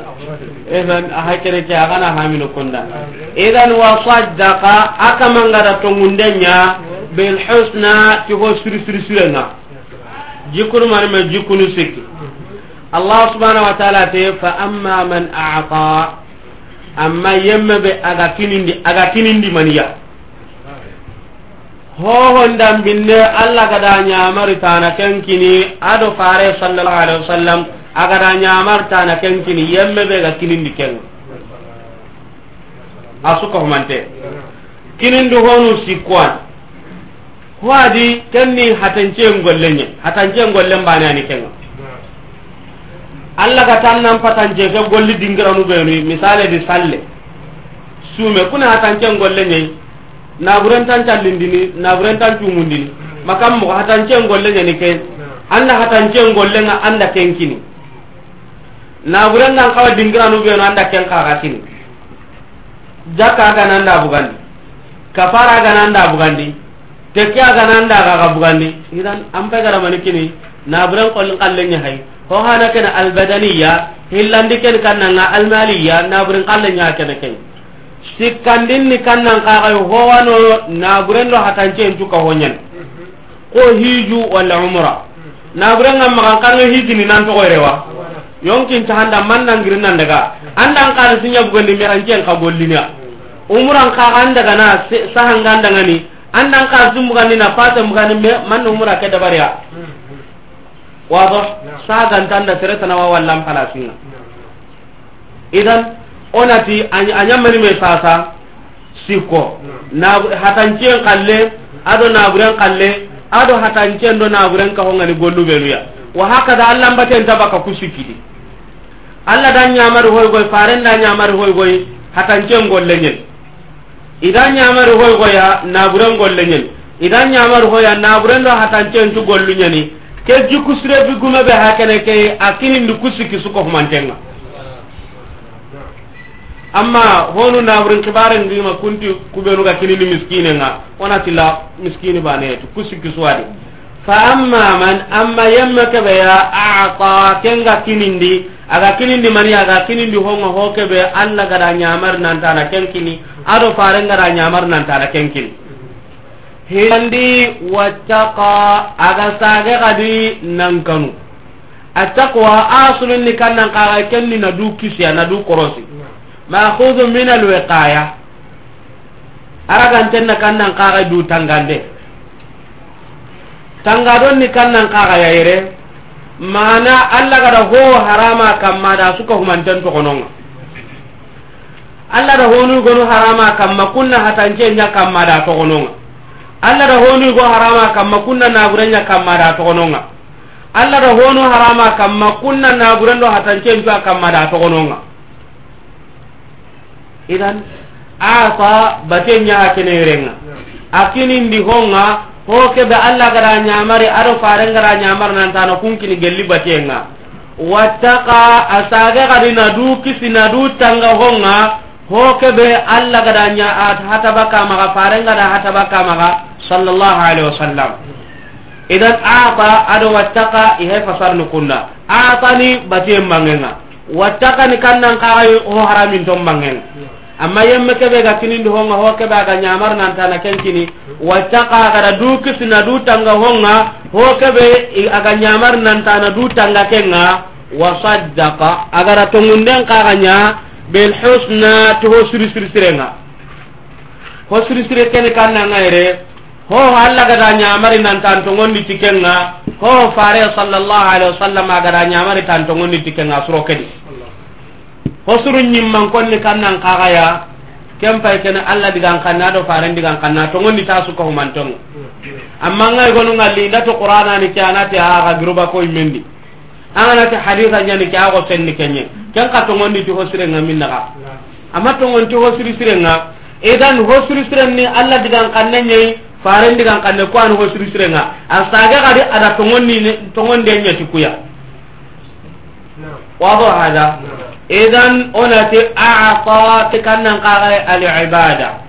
idan hai kene kya gana hamin ukunda idan wa sadaqa akamangara tongundenya bel husna ti ko suri suri suri na jikunu mari ma jikunu sikki allah subhanahu wa ta'ala te fa amma man a'ta amma yemma be aga tinindi aga tinindi maniya ho hon dam binne allah gada nyamar tana kankini ado fare sallallahu alaihi wasallam aga da nyamar tana kankini yemma be aga tinindi ken asu ko mante kinindu honu sikwan kuwadi kenni hatancen gollenye hatance gollen bane ani kenga allah ka tan nan patance ke golli be ni misale di salle sume kuna hatancen na naguren tan na naguren tan cumundini makam mo hatancen nye ni ken anna hatancen nga anda kenkini naguren nan kawa be ni anda ken ga nan da bugandi kafara da bugandi tekki aga nan da ga ga bugandi idan an pe gara mani kini na buran kol kalle nya hay ho hana kana al badaniya hillandi ken kan na al maliya na buran kalle nya kana kay sikkandin ni kan nan ka ga ho wano na buran lo hatan ce tu ka honyan ko hiju wala umra na buran ngam makan kan hiji ni nan to ko rewa yonkin ta handa man nan girin nan daga andan kan sinya bugandi mi ran ken ka gollinya umran ka handa kana sahangan dangani andan ka zumbuganina fase mbugani me manno mura ke dabariya hmm. wato hmm. hmm. sagantanda seretanawa wallan palasinga idan onati añammanime sasa sikko nagu hatancien kalle ado naguren kalle ado hatancien do naguren kahongani golluɓenuya wa hakada allah mbaten tabaka ku sikkiɗi allah dan ñamari hoygoy farenda ñamari hoygoy hatancien golleñen ida ñamari hoy goya naburen golle ñeni ida ñamari hoya naburen do hatancentu gollu ñeni ke jukku sire bi gume ɓe ha kene ke a kinindi ku sikki suko humantenga amma honu naburen kibaren ngima kunti kuɓenuga kinindi miskine nga wona tilla miskine baneyetu ku sikki suwadi fa amma man amma yemme keɓeya aata kenga kinindi aga kinindi mani aga kinindi honga hokeɓe allah gara ñamari nantana kenkini aɗo fare gara ñamari nantana kenkini hilandi wattaqa aga sage kadi nankanu attaqwa a sununni kannankaxa kenni nadu kisiya nadu korosi makhudu min alwiqaya aragantenna kannankaxa du tangande tangadonni kannankaxa yayre mana allah gada ho harama kamma da suka humanten tokononga allah da honu gonu harama kamma kunna hatanke nya kamma da tokononga allah da honu go harama kamma kunna nagurenya kamma da tokononga allah da honu harama kamma kunna nagurendo hatanke nya kamma da tokononga idan asa batenya akene yerenga akini ndi honga ko keɓe allah gara ñamari aɗo faren gara ñamar nantano kunkini gelli batenga wattaka a sage xadi nadu kisi nadu tanga honga ho keɓe allah gara hataba kamaga faren gara hataba kamaga sallallahu alaihi wasallam idan aata aɗo wattaka ihe fasarni kunna aatani batien mangenga wattakani kannan kaxa ho haramin ton mangenga amma yemme keɓe ga kininɗi honga ho keɓe aga ñamar nantana ken kini wattaka gara du kisna du tanga honga ho keɓe aga ñamar nantana du tanga kenga wa saddaka agara tongunden kaga ña ɓel husna ti ho siri siri sirenga ho siri siri kene kannangayre ho allah gada ñamari nantan togondi ti kenga ho fare sallallahu alaihi wa sallam agada ñamari tan togondi ti kenga suro kedi hosuru ñimman konni kamnan kaxaya ken pay kene allah digan kanna do faren digan kanna togondi ta suka humantonga amma ngay gonu ngalli ndato qur'anani ke anati aaxa giruba koy mendi anganati hadisa ñani ke ago fenni keñe ken ka togondi ti hosirenga min naxa amma togonti hosiri sirenga idan hosiri siren ni allah digan kanne ñeyi faren digan kanne ko an hosiri sirenga a sage xadi ada togondi togondi e ñeti kuya wato hada no. idan onati a'ata tikannan qaga al-ibada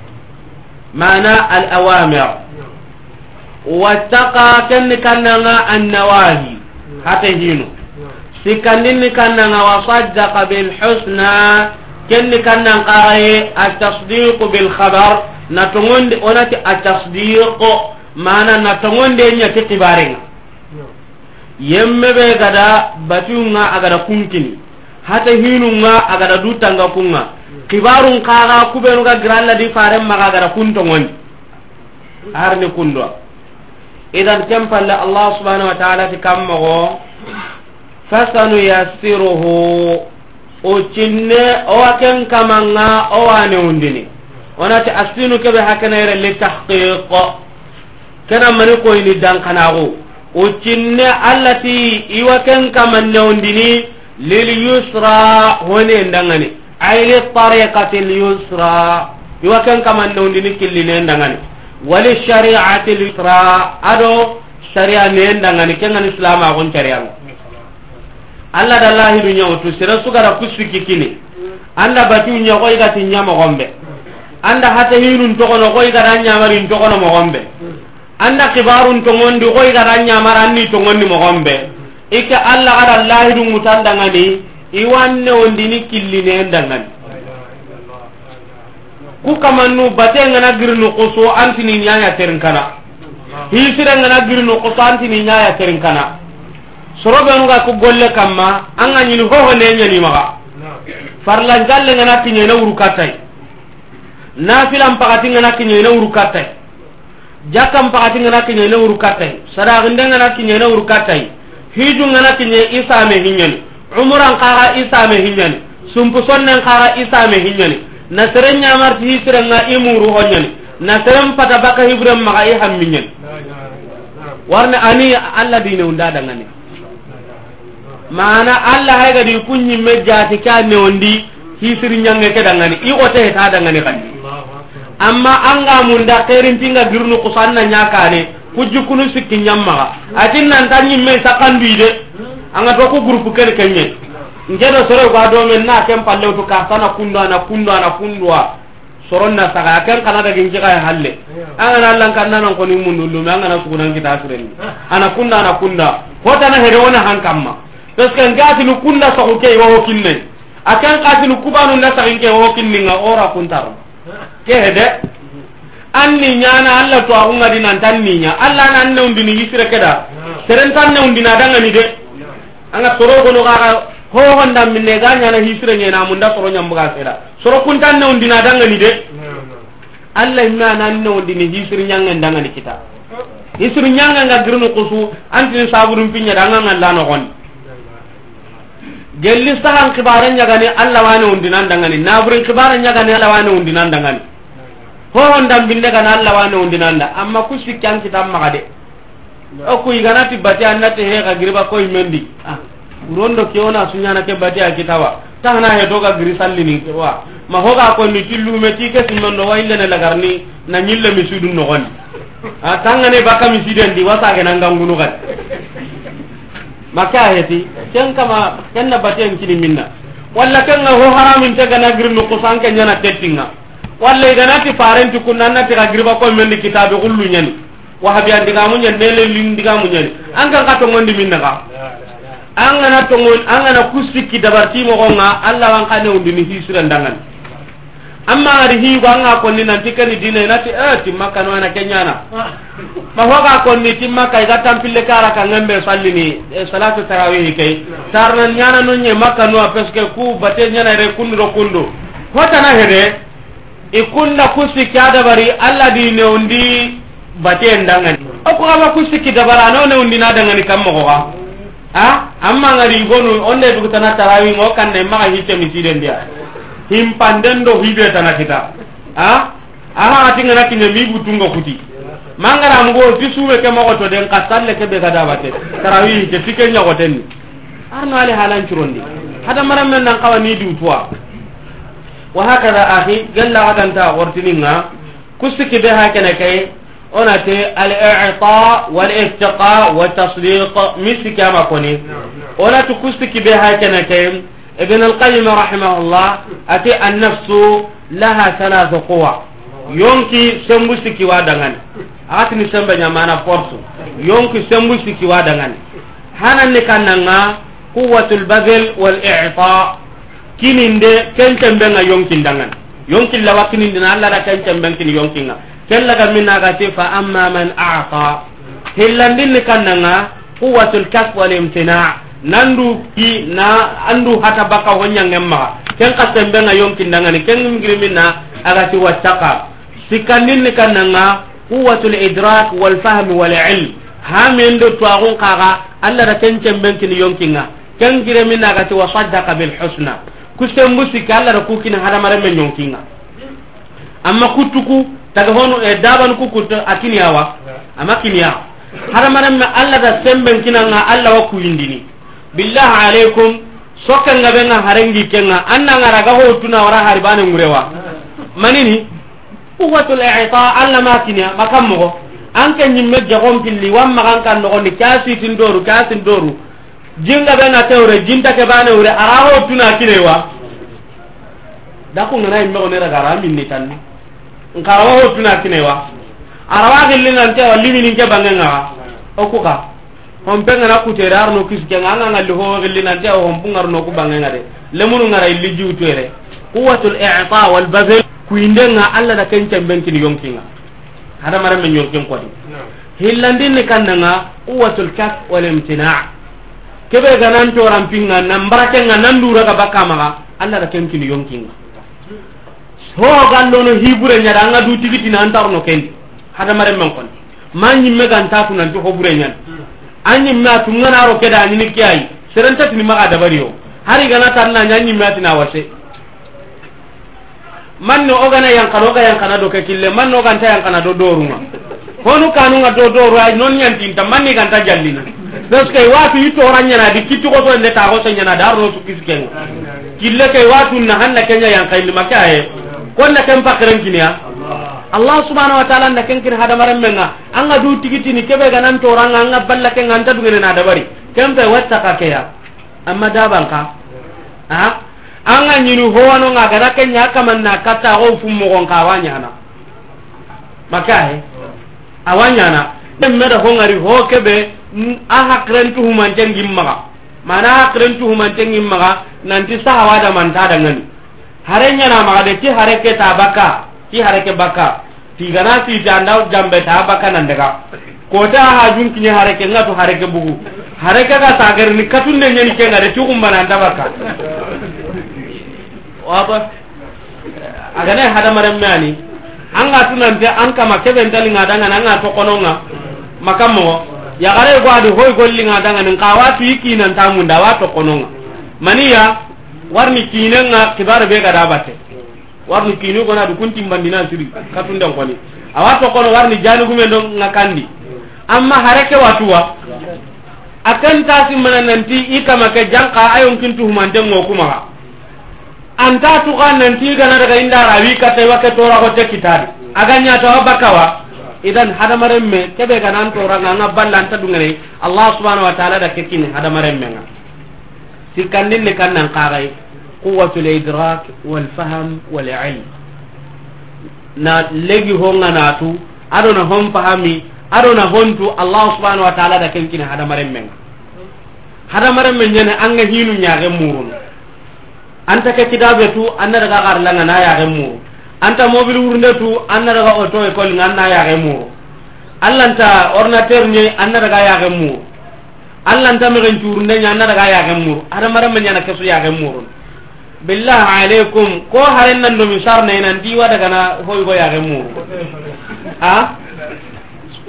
mana al-awamir wattaqa kanni kannanga an-nawahi hata hinu sikandinni kannanga wa saddaqa bil husna kenni kannan qaga at-tasdiq bil khabar natongonde onati at-tasdiq mana natongonde nyati kibarenga yemme be gada batunga agada kunkini hata hinunga agada dutanga kunga kibarun kaga kubenuga giralla di fare maga agada kuntongoni harni kundo idan kempalle allah subhanahu wa ta'ala ti kammogo fasanu yassiruhu o cinne owa ken kamanga owane undini onati asinu kebe hakenayere li tahqiq kena mani koyni dankanagu o cinne allati iwa ken kamanne undini lilyusra woni endangani ay litariqati lyusra iwa ken kamandeundini killine endangani walishariati lyusra ado saria ne endangani kengani islamagon cariyanga allah dalahinu ñawtu sira sugara kusiki kini anda batiu ña koy gati ñamogonɓe anda hata hinun togono koy gata ñamarin togono mogonɓe anda kibarun togondi koy gata ñamara anni togonni mogonɓe ikke allah gara lahidungutan dangani iwanne wondini killineen dangani ku kamannu bate ngana girinu kusu antini ñaya terin kana hisire ngana girinu kusu antini ñaya terin kana sorobenuga ku golle kamma anga ñini hohone ñanimaga farlanjalle ngana kiñene wurukattay nafilan pakati ngana kiñene wurukattay jakkan pakati ngana kiñene wurukattay sadakinde ngana kiñene wurukattay hijunganakiñe isame hiñoni umran kaxa isame hiñoni sumpusonnen kaxa isame hiñoni na sere ñamarti hisirenga i muru hoñoni na seren pata baka hiburen maxa i hammiñoni warne ani allah dinewu nda dangani mana allah haygadi ku ñimme jati ke a newondi hisiri ñange ke dangani i ote heta dangani xani amma anga mun da xerintinga girnu kusanna ñakane kunu sikki ñammaxa atin nanta ñimme sakkandui de anga to ko grupu kene kenye do soro ga do men na kem palle to ka sana kunda na kunda na kundwa soron na saga ken kana da ginje ga ya halle anga na lan kan nan ko ni mundu lu anga na nan kita asiren ana kunda na kunda hota na hede wona han kamma to sken ngati nu kunda sa ko ke wo kinne akan kati kubanu na sa ginje wo kinne nga ora kuntar ke hede anni ñana allah to axungadi nantan niña allah na an newndini yisire keda serentan newndini adangani de anga sorogono xaxa hoxondanmine ga ñana hisire ñenamunda soro ñambuga seda soro kuntan newndini adangani de allah imnana an newndini hisiri ñangendangani kita hisiri ñangenga girini kusu antini saburin pinñeda anga ngalla noxon gelli saxan xibare ñagani allah wa newndinandangani naburin xibare ñagani allah wa newndinandangani hoho ndambinde gana allah wane wundinanda amma ku sikki an kitammaxa de o kuiganati bati annati hexa giriba ko himmendi ah, urondo ke ona suñanake bati a kitawa tahana hetoga giri sallininkewa ma hoga konni tillume tike simmendo wa illene lagarni na ñille misidu noxoni a ah, tangane bakka misidendi wasagenangangunu xan maka heti ken kama kenna bati en kini minna walla kenga ho haramin tegana girinu kusanke ñana tettinga walla iganati farenti kunna annati ka griba ko mendi kitabe kullu nyani wa habi andiga mun nyani mele lin diga mun nyani anga ka to ngondi minna ka anga na to ngondi anga na kusti ki dabarti mo gonga alla wan kane undi ni hisira ndangan amma ari hi wa anga ko ni nanti kani dine nati eh ti makka no ana kenyana ma ho ka ko ni ti makka ga tampille kara ka ngembe salli ni eh, salatu tarawih kay tarna nyana no nye makka no apeske ku batenya na re kunro kundo hota na hede ikunna kusiki adabari allah di newndi bateen dangani okugama kusiki dabara ano newndina dangani kam mogoxa a ammangari ngonu onde dugtana tarawing o kanna maxa hiccemisiden dia himpanden do hibetana kita a axaxatingana kine mi butungo kuti mangaramugo si suume ke moxoto den kastalle keɓe gadabate tarawi hicce sike ñagoten ni arno ale halancurondi hadamaranmen nan kawa ni diutuwa وهكذا أخي قال لها أنت غرتنينا كسك بها كنكي أنت الإعطاء والإتقاء والتصديق مثل كما كوني ولا نعم، نعم. تكسك بها كنك ابن القيم رحمه الله أتي النفس لها ثلاث قوى يونكي سمبسكي وادغان أتني سمبا nyamana force yonki sembusiki wadangani hananni kannanga quwwatul قوه البذل والاعطاء kininde kenkenben ga yonkindangan yonkillawa kinindina allara kenkenben kini yonkinga kellaga minagati fa amma man aata hillandinni kannanga quwatu lkaf walimtina nandu ki na andu hata baka honyangen maga ken kasenben ga yonkindangani ken mingiriminna agati wattaka sikkandinni kannanga quwatu lidrak walfahmi walilm hamindo twagun kaga allara kenkenben kini yonkinga kengire minagati wasaddaka bilhusna kusten musikke allah ta kukina hadamaren me ñonkinga amma kuttuku taga hono e eh, daban ku kutte a kiniyawa ama kiniya hadamaren me allah ta semben kinanga allah wa kuyindini billahi aleykum sokkenga ɓenga harengi kenga annanga raga hotuna wara haribane ngurewa manini uwatul ita allah ma kiniya ma kammogo an ke ñimme jagompilli wammagan kan nogondi kasitin doru kasin doru jinga be na tewre jinta ke bane wure ara ho tuna kine wa da ko ngana imme ko nera gara min ni tan ni ngara ho tuna kine wa ara wa gilli ngan tewa limi ni ke bange nga o ku ka hon pe ngana ku tera arno kis ke nga nga li ho gilli nan tewa hon bu ngarno ku bange nga de le munu ngara illi ju tere quwwatul i'ta wal bazl ku inde nga alla da ken ken ben kin yonki nga hada mara men yonki ko di hillandin ni kan nga quwwatul kaf wal imtina' kebe ga nan to ran pinga nan barake nga nan dura ga bakka ma Allah da kenki ni yonki nga ho ga no no hibure nya da nga du tigiti nan tar no ken hada mare man kon man yimme ga nta tu nan to hobure nya an yimma tu nga na ro ke da ni ni kiyai seren ta ni ma ga da bari yo hari ga na tan na nya yimme ati na wase man no oga na yang kanoga yang kanado ke kille man no ga nta yang kanado do ruma honu kanu nga do do ruai non yan tinta man ni ga nta jallina parce que watu yi toranya na di kitu ko sonde ta ko sonya na darno su kisken kille kay watu na hanna kenya yang kain makaye kon na kan kini kinya Allah subhanahu wa ta'ala na kan kin hada maran an anga du tigiti ni kebe ga nan an anga balla ke nganta du na dabari kembe watta ka ke ya amma daban ka ha anga nyinu hoano nga gara kenya kaman na kata ko fummo kon kawanya na makaye awanya na dan meda ngari ho kebe a hakrentu humante ngimmaga mana hakrentu humante ngimmaga nanti sahawa damanta dangani hare ñanamaga de ti hareke ta bakka ti hareke bakka tigana siti anda jambe ta bakka nan daga kote a hajunkiñe hareke ngatu hareke bugu hareke ga sagarini katunde ñani kenga de ti xumbananta bakka waba agane hadamaren meani an ga tunante an kama keɓentalinga danga ne an ga toqononga makammoo yagare gwadi hoy gollinga danganin kawatu ikinan tamunda wa tokononga maniya warni kinenga kibar be gada batte warni kinu gona du kunti mbandina siri katundan koni awa kono warni jani gume ndo ngakandi amma hareke watuwa akan tasi mana nanti ika make janka ayon kintu an ta anta kan nanti gana daga inda rawi kata wake tora ko tekitari aganya tawa bakawa idan hadama remme kebe ga nan to ranga na balla anta dungare allah subhanahu wa ta'ala da kekin hadama remme nga sikandin ne kannan qaray quwwatul idrak wal faham wal ilm na legi honga natu ado na hon fahami ado na hontu allah subhanahu wa ta'ala da kekin hadama remme nga hadama remme nyene anga hinu nyaage murun anta ke kidabe tu anna daga garlanga na yaage murun anta mobile wurnde tu anna daga o to école e nganna ya ga mu allanta ordinateur ni anna daga ya ga mu allanta me gentur ne nyanna daga ya ga mu ara mara me nyana kesu ya ga mu billah alaikum ko haren nan do mi sar ne nan diwa daga na hoy go ya ga mu ha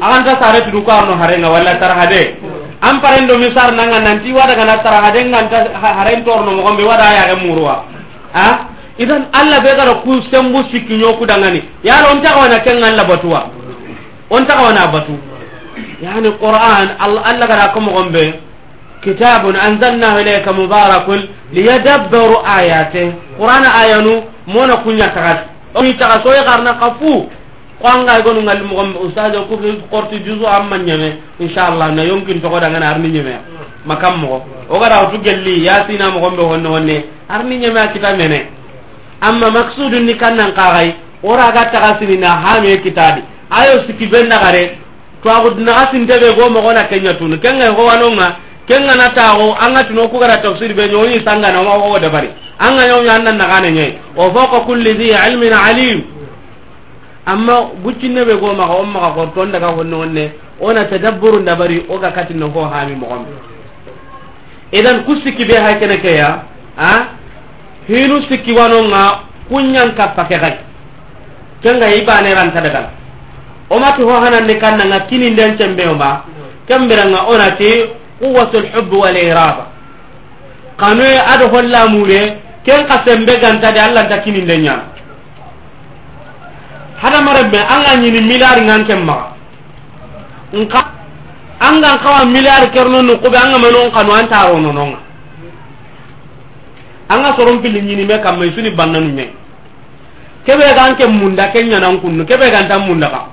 anta sare tu ko arno haren na walla tar hade am paren do mi sar nan nan diwa daga na tar hade nan ta haren torno mo gombe wada ya ga mu ha idan allah be gara ku sembu sikki ñokudangani yaro on taxawana keng allah batuwa on taxawana batu yani quran allah gara komogon be kitabun anzalnahu ilayka mubarakun liyadabbaru ayate quran ayanu mona kunya tagat o ni tagat so yarna qafu qanga go no ngal mo ustaz ko fi qorti juzu amma nyame inshallah na yonkin to godanga arni nyame makam mo o gara o tugelli yasina mo gombe honno wonne arni nyame kitab mene amma maksudu ni kannan kaxay wora gatta xa sinina hame kitabi ayo siki bendaxare to axuduna xa sinteɓe go moxona keña tun kenga howanonga kenga nataxo anga tino ku gara tafsir ɓe ñooñi sangana ma oxoo dabari anga ñooñi an nannaxaneñe wa foqa culli di ilmin alim amma guccinneɓe go maxa on maxa xor toon daga fonne on ne ona tadabburu dabari o ga katinno fo hami moxon idan ku sikki ɓe hay kene ke ya a ah? hinu sikki wanonga kunyan kappa ke gay kenga yi bane ran ta daga o mati ho hanan ne kanna nga kini den cembe o ma kambira nga ona ti quwwatul hubb wal irada kanu e ado holla mure ken ka sembe ganta de allah ta kini den nya hada marabbe an nga nyini milari ngan kemma nka an nga kawa milari kerno nu ko be an nga manon kanu antaro nononga an ga soron pili ñinime kamma suni bannanume keɓe gan ke munda ke ñanan kunnu keɓe gantan munda ka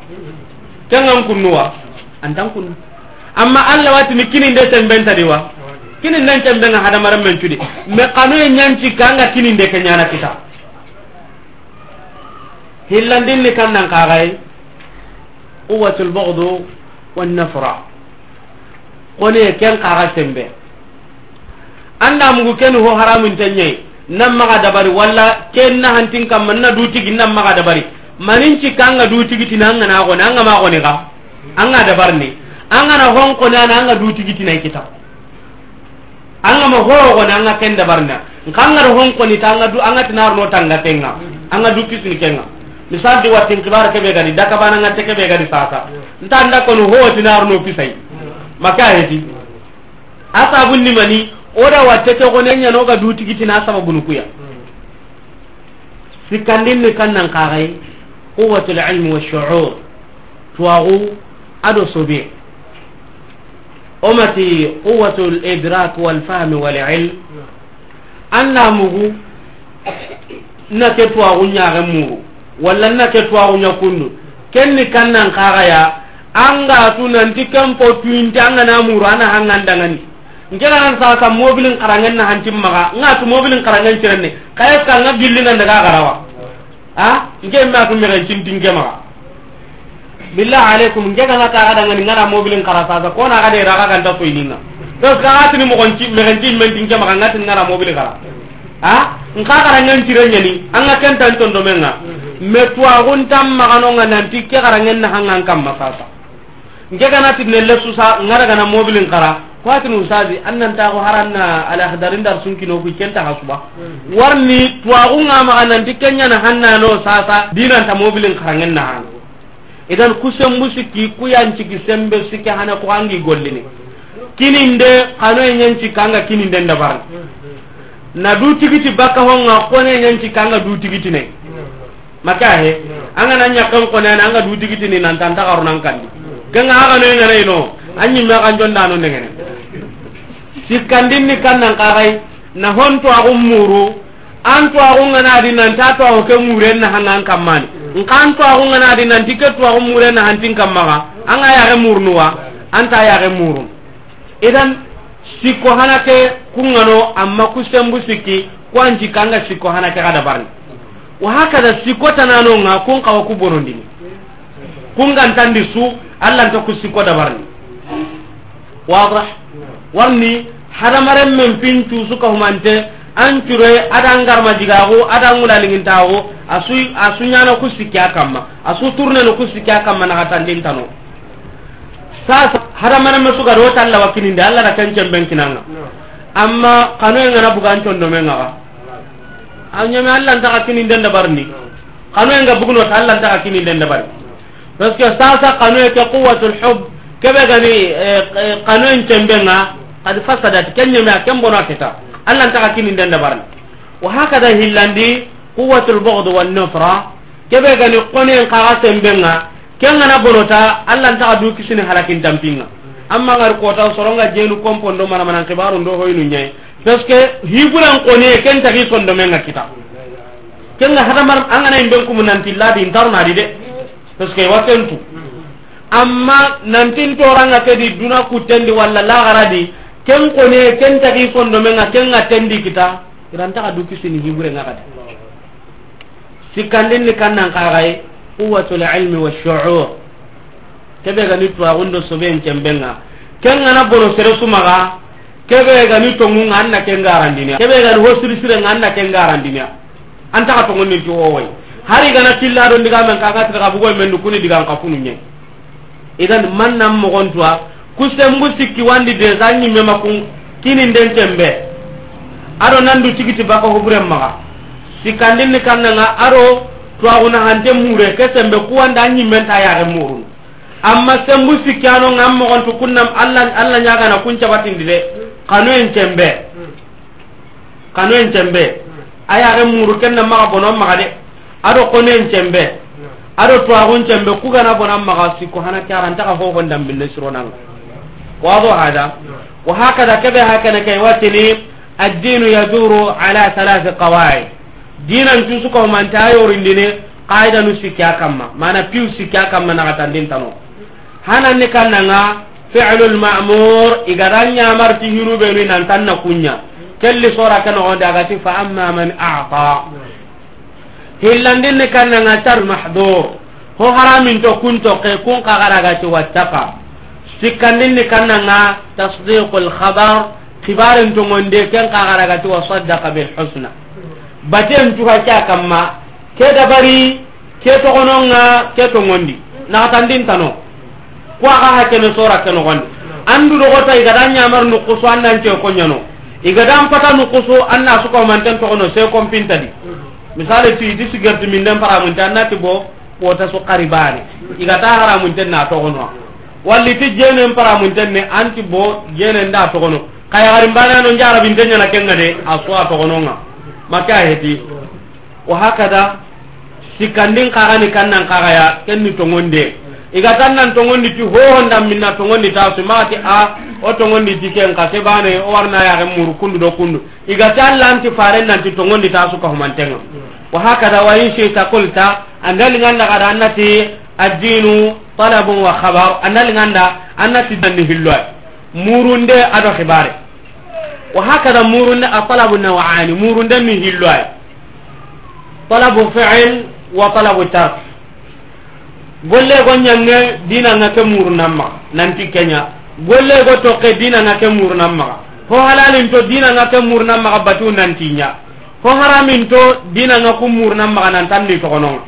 kengan kunnu wa antan kunnu amma allah watini kininde sembentadi wa kininden cembenga hadamaren men cudi ma kanoye ñanci kanga kininde ke ñana kita hillandinni kamnan kaxaye quwatu lbogdu wannafra kone ken kaxa sembe anda mugu kenu ho haramun tanye nan maga dabari wala ken na hantin kam man na duti gin nan maga dabari manin ci kanga duti giti nan na ko nan ma ko ne ka ga dabar ne ga na hon ko nan ga duti giti na kita ga ma ho ko nan ga ken dabar na kan ga hon ko ni tanga du an ga tinar no tanga tenga ga duti sin kenga misal di watin kibar ke be gani daka bana ngate ke be gani sasa ntanda ko no ho tinar no kisai maka hedi asa bunni mani oda watte togone ñanoga dutigitina sababunu kuya sikkandinni kannan kaxay quwatu lilmi washuur tuwaxu aɗo sobe omati quwatu lidrak walfahmi walilm an lamugu nake tuwaxu ñaxen mugu walla nake tuwaxu ñakundu kenni kannan kaxaya an ga tu nanti kenpo tuinti an ga na muru ana hangandangani ngelaran sa sa mobilin karangan na hantim maka nga tu mobilin karangan cire ni kayak ka nga gilin an daga garawa ha nge ma tu mere cin dinge maka billahi alaikum nge ga ka ada ngani ngana mobilin karasa sa ko na ga de raka kan ta to ininga to ka hatin mo kon cin mere cin men dinge maka ngatin ngana mobil gara ha nga karangan cire ni ni an nga ken tan ton do men nga me tu a gun tam maka no ngana tikke karangan na hangan kam masasa nge ga na tin le susa ngara ga na mobilin karasa watinu ustadi annan ta ko haranna ala hadarin dar sunki no kenta hasuba hmm. warni tuwagu nga ma nan dikenya na hanna no sasa dinan ta mobilin karangen na han idan kusem musiki kuyan ciki sembe sike hana ko angi gollini kininde kano kanga cikanga nde ndabar hmm. na du tigiti baka honga kone enyen cikanga du tigiti ne hmm. maka he anga nanya ko ne anga du tigiti ni nan tanta karunan kan ganga aga no ngare no anyimbe kan jonda no ngene sikkandin ni kannan qaray na honto a ummuru anto a ungana dinan ta to o ke muren na hanan kammani in kan to a ungana dinan tiket to a muren na hantin kammaga an aya re murnuwa anta aya re murun idan sikko hanake kungano amma kustembu sikki kwanji kanga sikko hanake kada barni wa hakada sikko tananonga kun kawa kubonondini kun gantandi su allah to kusikko da barni wara warni hadamaren men pincu suka humante an curo adan garma jigaxu adan ŋulaliŋintaxu asu asu ɲana ku sikki a kanma asu turneno ku sikki a kanma naxatandintano sas hadamaren me suga do tallawa kininde alla da kenkenben kinanga amma kanoye ŋana bugancondomen axa a ñame allantaxa kinindende barini kanoyenga buginota allantaxa kinindende bari parce que sasa kanoye ke quwatu lhub kebe gani kanu in tembe nga kadi e, e, fasa dati kenye mea kembo na kita allan taka kini ndende barani wa haka da hilandi kuwatu lbogdu wa nufra kebe gani kone in kaga tembe nga kenga na bonota allan taka du kisini halakin tampinga amma ngar kota soronga jenu kompo ndo mana manan kibaru ndo hoinu nye peske hiburan kone ken taki sondo menga kita kenga hatamar angana in benku munanti ladi intarna dide peske wasentu amma nantintoranga kedi duna kuttendi walla lagaradi ken kone ken tagi kondomenga ken gattendi kita irantaga dukisini hiburenga kati sikkandinni kannan kagaye quwatu lilmi washuur kebe gani twagundo soben kembenga ken gana borosere sumaga kebe gani tongunga anna ken garandinia kebe gani hosirisirenga anna ken garandinia antaga tongonnin ti howoy hari gana killado ndigamen kagatiraga bugoy men dukuni digan kafunu ñeng igan man nam mogontuwa kusem gu sikki wandi desa ñimmemakun kinin den kembe aɗo nandu tigiti baka huburen maga sikkandinni kamnanga aɗo twagunahante mure ke sembe kuwanda a ñimmenta yaxe murun amma sembu sikki anonga an mogontu kunnam allah ñagana kun cabatindi de kanoen kembe kanoen kembe a yaxe muru kennam maga gonon maga de aɗo konoen kembe ado twagun cembe kugana bona maga sikko hana kara ntaka hoho ndambille sironanga wado hada wa hakada kebe hakana kay watini addinu yaduru ala thalath qawaid dinan tusuko man tayorindine qaida nu sikya kamma mana piu sikya kamma na gatandin tano hana ne kananga fi'lul ma'mur igaranya marti hirube ni nan tanna kunya kelli sora kana onda gati fa amma man a'ta hillandin ni kan nanga tar mahdur ho haramin to kun to ke kun ka gara ga to wattaka sikandin ni kan nanga tasdiqul khabar khibarin to ngonde ken ka gara ga to wasaddaqa bil husna batem tu hakka kamma ke da bari ke to gononga ke to ngondi na tandin tano ko aga ha ke no sora ke no gondi andu do gotay ga danya mar nu kuswan nan ke ko nyano igadam pata nu kusu anna su ko manten to ono se kompinta di mm. misali ti ti sigarti min den para mun tan na ti bo ko ta so qaribani iga ta hara mun den na to gono walli ti jene para mun den ne anti bo jene nda to gono kay harim bana no jara bin den na kenga de aso a to gono nga maka heti wa hakada sikandin qarani kannan qaraya kenni to ngonde iga tan nan to ngondi ti ho ho ndam minna to ngondi ta su ma ti a o to ngondi ti ken ka se bane o warna ya re mur kundu do kundu iga tan lan ti faren nan ti to ngondi ta su ka humantenga wa hakada wa in shi'ta qulta andali nganda kada annati ad-dinu talabu wa khabar andali nganda annati dan hilwa murunde ado khibare wa hakada murunde atalabu nawani murunde mi hilwa talabu fi'l wa talabu tar golle go nyanne dina ngake murunamma nanti kenya golle go toke dina ngake murunamma ko halalin to dina ngake murunamma batu nantinya nya fo haraminto dinanga ku murna maganan tanni togonoga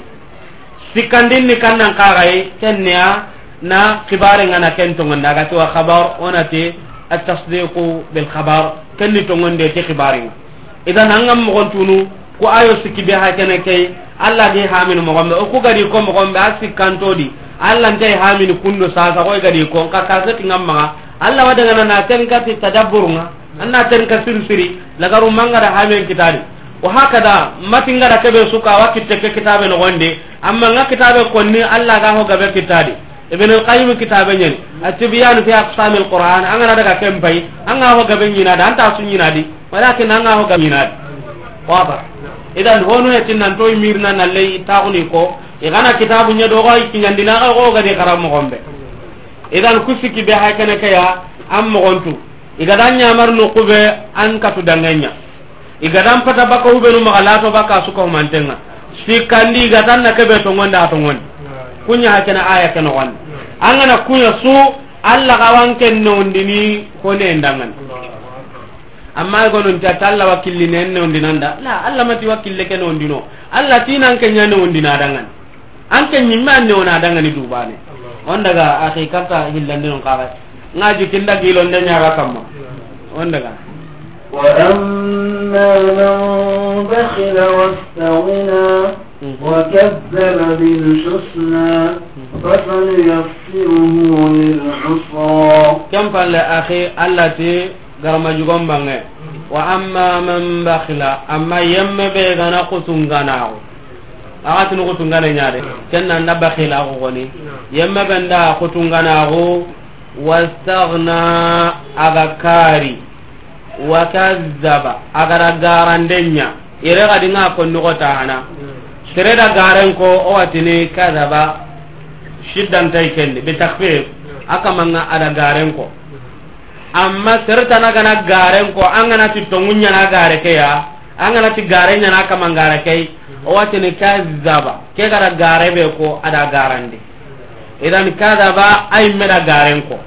sikkandin ni kannan kaxaye ken neya na xibarengana ken togonde agati wa habar onati atasdiku belhabar kenni togonde ti xibarenga idan anga mogontunu ku ayo sikki be ha kene key allah di hamin mogonɓe o ku gadi ko mogonɓe a sikkantodi allah ntai hamin kundu sasa koy gadi ko ka kasetingan maga allah wadengana na tenkati tadabburnga anna tenka sirsiri lagaru mangara hamen kitadi wa hakada mati ngara kebe suka wa kitte ke kitabe no wonde amma nga kitabe konni alla ga ho gabe kitadi ibn al qayyim kitabe nyen atibyan fi aqsam al qur'an angara daga kembay anga ho gabe nyina dan ta su nyina di walakin anga ho gabe nyina wa ba idan wonu ya tinan toy mirna na lay taquni ko e gana kitabu nya do gay tinan dina ga ho gade karam mo gombe idan kusiki be hakene kaya am mo gontu igadanya marnu kube an katu dangenya igatan pata baka ubenu maga lato baka suka humantenga sikandi igatan na kebe to ngonda to ngondi kunya hakena aya kena wandi angana kunya su alla gawan ken nondi ni kone ndangan amma e gonon ta talla wakilli nen nondi nanda la alla mati wakille ken nondi no alla tinan ken nyane nondi na dangan anken nyimma ne ona dangani dubane on daga akhi kanta hillande non qara ngaji kinda gilonde nyaga kamma on daga wa أما من بخل واستغنى وكذب بالحسنى فسنيسره للحصى كم قال أخي التي قرم jugon bange وأما من بخل أما يم بيغنى be gana kutungana agati nu kutungana nyaade kenna na bakhila ko goni yemme benda kutungana ko wastaghna aga kari wa wakazaba agara garandenya ire gadi nga ko nugo tahana sere da garen ko o watini kadaba shiddan tay kende bi takfir aka manga ada garen ko amma sere tana gana garen ko an gana ti tongunya na gare ke ya an gana ti garen nya na kama gare kai o watini kazaba ke gara gare be ko ada garande idan kadaba ay meda garen ko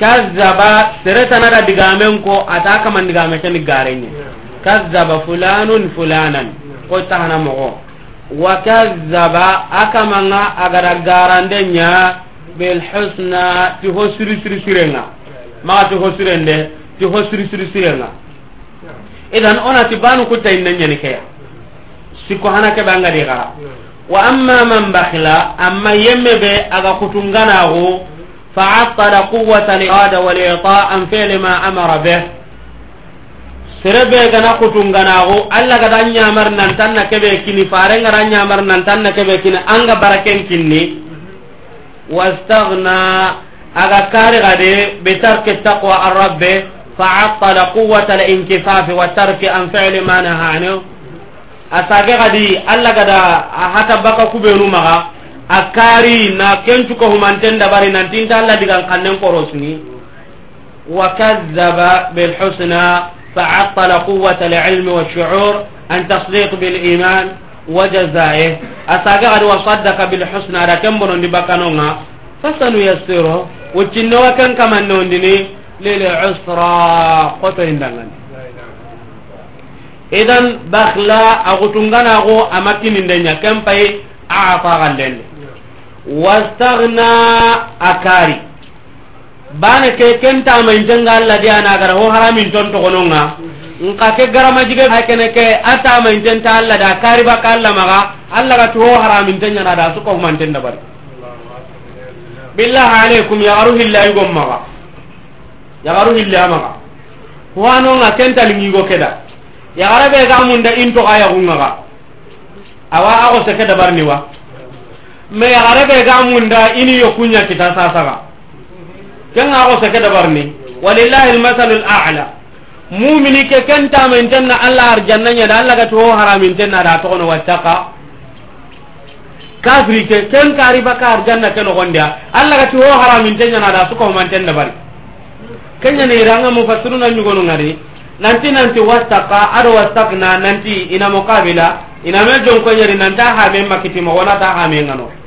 kazzaba seretanaga digamen ko ata kaman digame keni gareni kazzaba fulanun fulanan ko tahana mogo wa kazzaba akamanga agara garandenya bil husna ti ho siri siri sirenga maga ti ho sirende ti ho siri siri sirenga idan ona ti banu kutta innenya ni kaya siko hana ke banga diga wa amma man bakhila amma yemme be aga kutungana go فعطل قوة الإرادة والإعطاء عن فعل ما أمر به sere bee gana kutun ganaaxu alla gata ñamar nantanna keɓe kini fare gata ñamar nantanna keɓe kini anga baraken kinni wastagna aga kari xade ɓe tarke taqwa a rabbe fa attala quwata alinkisafe wa tarke an fili ma nahane a sage xadi alla gata a hata baka kuɓenu maxa akari na kentu ko humanten da bari nanti inta Allah digan kanen korosni wa kadzaba bil husna fa fa'attala quwwata al ilmi wa shu'ur an tasdiq bil iman wa jazaa'i asaga ad wa saddaka bil husna da kembono ndi bakanonga fasanu yasiru ucinno wa kan kamanno ndini lil usra qoto indangan idan bakhla agutungana go amakini ndenya kempai fa gallende wastagna akari bana ke kenta mai janga Allah dia na gara ho haramin ton to gononga in ka ke gara ma jige ha ne ke ata mai janta Allah da kari ba k'a Allah maga Allah ga to haramin tanya yana da su ko man da bari billahi alaikum ya aruhi Allah gomma ga ya aruhi Allah maga wano nga kenta lingi go keda ya arabe ga mun da into aya gunga ga awa ago se keda ni wa me yagarebe ga munda ini yo kunya kita sasaga ken ago seke dabarni walillahi almathalu alaala mumini ke kentamentenna allah arjanna ñada allah gati o haramintenna da togono wattaka kafri ke ken karibaka arjanna ke nogondia allah gati o haramintenñana da sukohomanten dabari keñaneiranga mufassiruna ñugonu ngari nanti nanti wattaka aɗo wattakna nanti ina mokabila iname jonkoñari nanta hame makitima wonata hamenganoo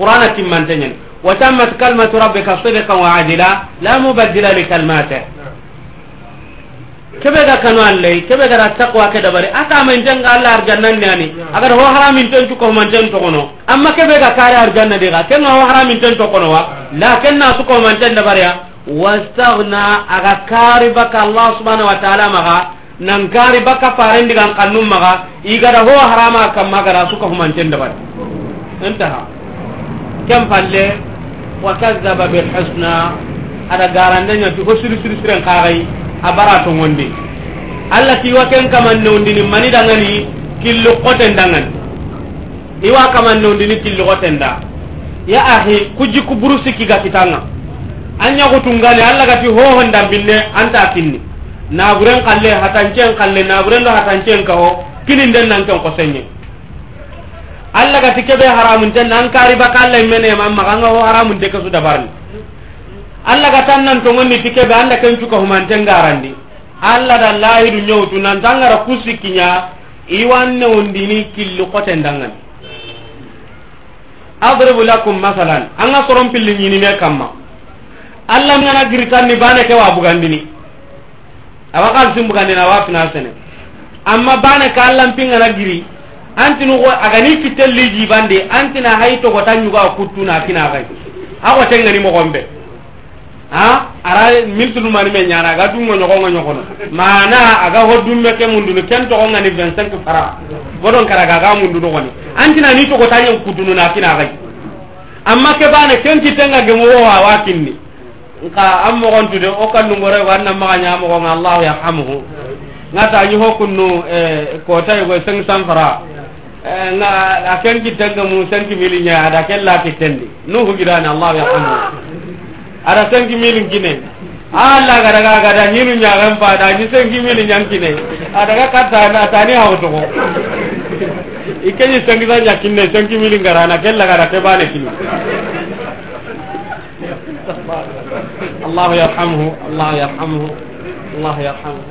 qur'ana timmanteñen wa tammat kalmatu rabbika sidqan wa adila la mubaddila likalmate kebe ga kanu allai kebe gara taqwa ke dabari aka man jenga allah arjannan ni ani agar ho haramin ten tu ko man ten to kono amma kebe ga kare arjanna de ga ken ho haramin ten to kono wa la ken na su ko man ten dabari ya wastaghna aga kare baka allah subhanahu wa ta'ala maga nan kare baka pare ndigan kanum maga igara ho harama kam maga su ko man ten dabari entaha ken palle wa kazaba bilhusna aɗa garandeñati ho siri siri siren kaxay a bara togondi allah tiwa ken kamanneundini mani dangani killukoten dangani iwa kamanneundini killukoten da ya axi ku jikku burusikki gakitanga a ñagutungani allah gati hoho dambinne anta kinni naguren kalle hatancen kalle naguren do hatancen kaho kininden nanken koseñe allah gati keɓe haramunte nankariba ka allah imeneemanmaganga o haramunte ke sudabarni allah gatan nantogonni ti keɓe anda ken cuka humante ngarandi allah da lahidu ñowtu nantangara ku sikkiña iwanne wondini killi koten dangani adribu lakum masalan anga soron pilli ñinime kamma allah ngana giritanni bane ke wa bugandini awa kan simbugandini awa fina sene amma bane ka allah mpingana giri antinu go agani kitelli jibandi antina hay to go tanyuga kuttu na kina gai awo tenga ni mogombe ha ara miltu dum mani menyana ga dum ngonyo ngonyo kono mana aga ho dum meke mundu ni kento ko ngani 25 fara godon kara ga ga mundu do woni antina ni to go tanyu kuttu na kina gai amma ke bana kenti tenga ge mo wa wakinni ka ammo gontu de o kallu ngore wanna ma nyaamo ko Allah yarhamuhu ngata yi hokunnu e eh, ko tay go 25 fara Eh, na a ken kittenga mu cinq mille ñay ada ken lati tendi nu hugirani allahu yarhamu ada cinq mille kine alla gadaga gada hinu ñagan fada ni cinq mille ñan kine adaga kattani atani hawtogo i keñi cinq sa ñakkinne cinq mille ngarana ken lagada kebane kini allahu yarhamhu allahu yarhamhu allahu yarhamhu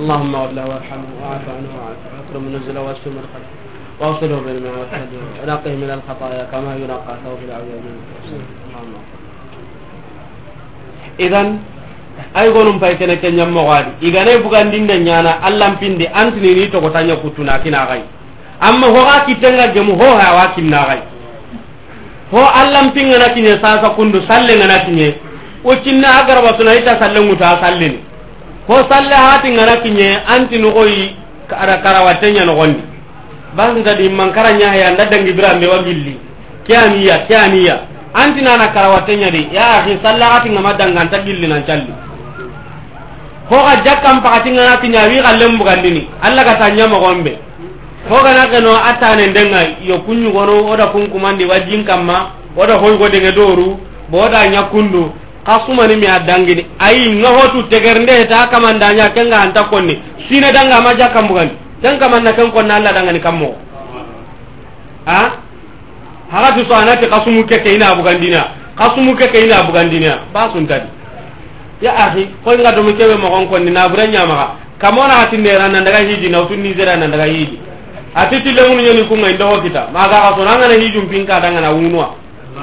اللهم وله وارحمه واعف عنه وعافه واكرم نزله واسف مرقده واصله بالماء والثلج ونقه من الخطايا كما ينقى ثوب العبيد إذن ay gonum pay kene ke nyam mogadi igane bugandin de nyana allam pindi antini ni to kotanya kutuna kina gai amma ho ga kitenga gemu ho ha wa kinna gai ho allam pinga na kinye sasa kundu salle na kinye o kinna agarba tuna ita salle muta salle ni ko salle hati ngana kinye anti no koy kara kara watte nya no gondi ban da di man kara nya ya ndadan gibra mi wa gilli kyaniya kyaniya anti na na kara watte nya di ya ki salle hati ngama dangan ta gilli nan challi ko ga jakkam pa kati ngana kinya wi galle mbu gandini alla ka tanya ma gombe ko ga na kano atane ndenga yo kunyu gono oda kunku mandi wajin kama oda hoy go denga doru boda nya kundu kasumani mi a dangini ayi nga hotu tegernde ta kamanda nya kenga anta konni sine danga ma jaka mbugani tan kamanna ken konna alla danga ni kammo ha haga tu sana ke kasumu ke ke ina bugandina kasumu ke ke ina bugandina ba sun tadi ya ahi ko nga do mi ke be mo konni na buranya ma kamona hatin ne ranan daga hiji na utun ni zera nan daga hiji ati ti lemu nyoni kunga indo kita maga ka sonanga na hiji pinka danga na unwa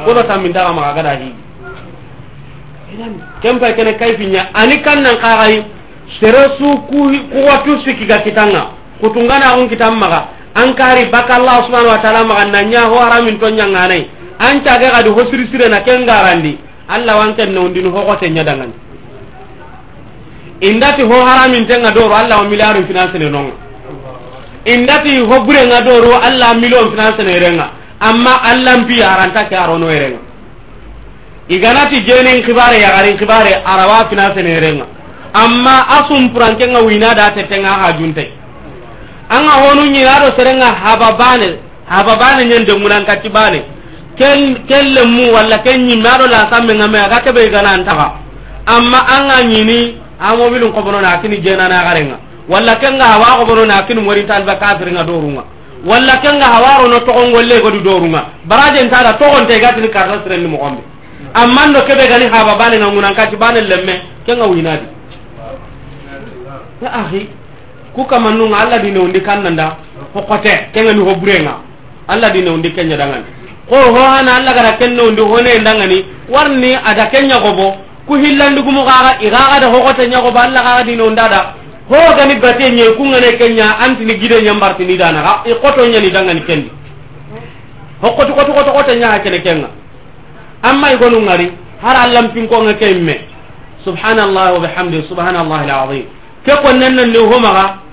ko do tamin daga ma ga da hiji inami kempa kene kayfiña ani kan nan kaxay seresu ku kuwatu sikiga kitanga kutunganaxun kitan maga ankari baka allah subhanau wa taala maga nanña ho aramin to ñanganay ancage xadi ho sirisirena ken ngarandi allah wanken ne undin hoxote ñadangani indati ho haramin tenga doru allah wa milliard finance ne nonga indati ho gure nga doru allah million finance ne renga amma allah mbi aranta ke arono renga iganati jenin kibare ya garin kibare arawa fina senerenga amma asun puranke nga wina da tetenga ha junte anga honu nyi ado serenga hababane hababane nyende munan katibane ken kelle mu wala ken nyi maro la kamme ngame aga kebe ganan taka amma anga nyi ni amo bilun ko bono nakini jena na garenga wala ken nga hawa ko bono nakini mori tal ba kadri nga dorunga wala ken nga hawa ro no to ngolle ko dorunga baraje ntara to gonte gatini karra serenni mo gombe amman do kebe gani ha babale na ngunan kati bane lemme ken ga winadi ya akhi ku kama nu ngalla dine undi kannanda ko kote ken ga ni hobrenga alla dine undi kenya dangan ko ho hana alla gara kenno undi hone ndangani warni ada kenya gobo ku hillandu gumu gara igaga da hokote nya gobo alla gara dine undada ho gani bate nye ku ngane kenya antini gide nyambarti ni dana ga e koto nya ni dangani kendi hokoto koto koto koto nya ha kenya amma gonu ngari har allan ko ngake me subhanallah wa bihamdi subhanallah alazim ke ko nan nan ho maga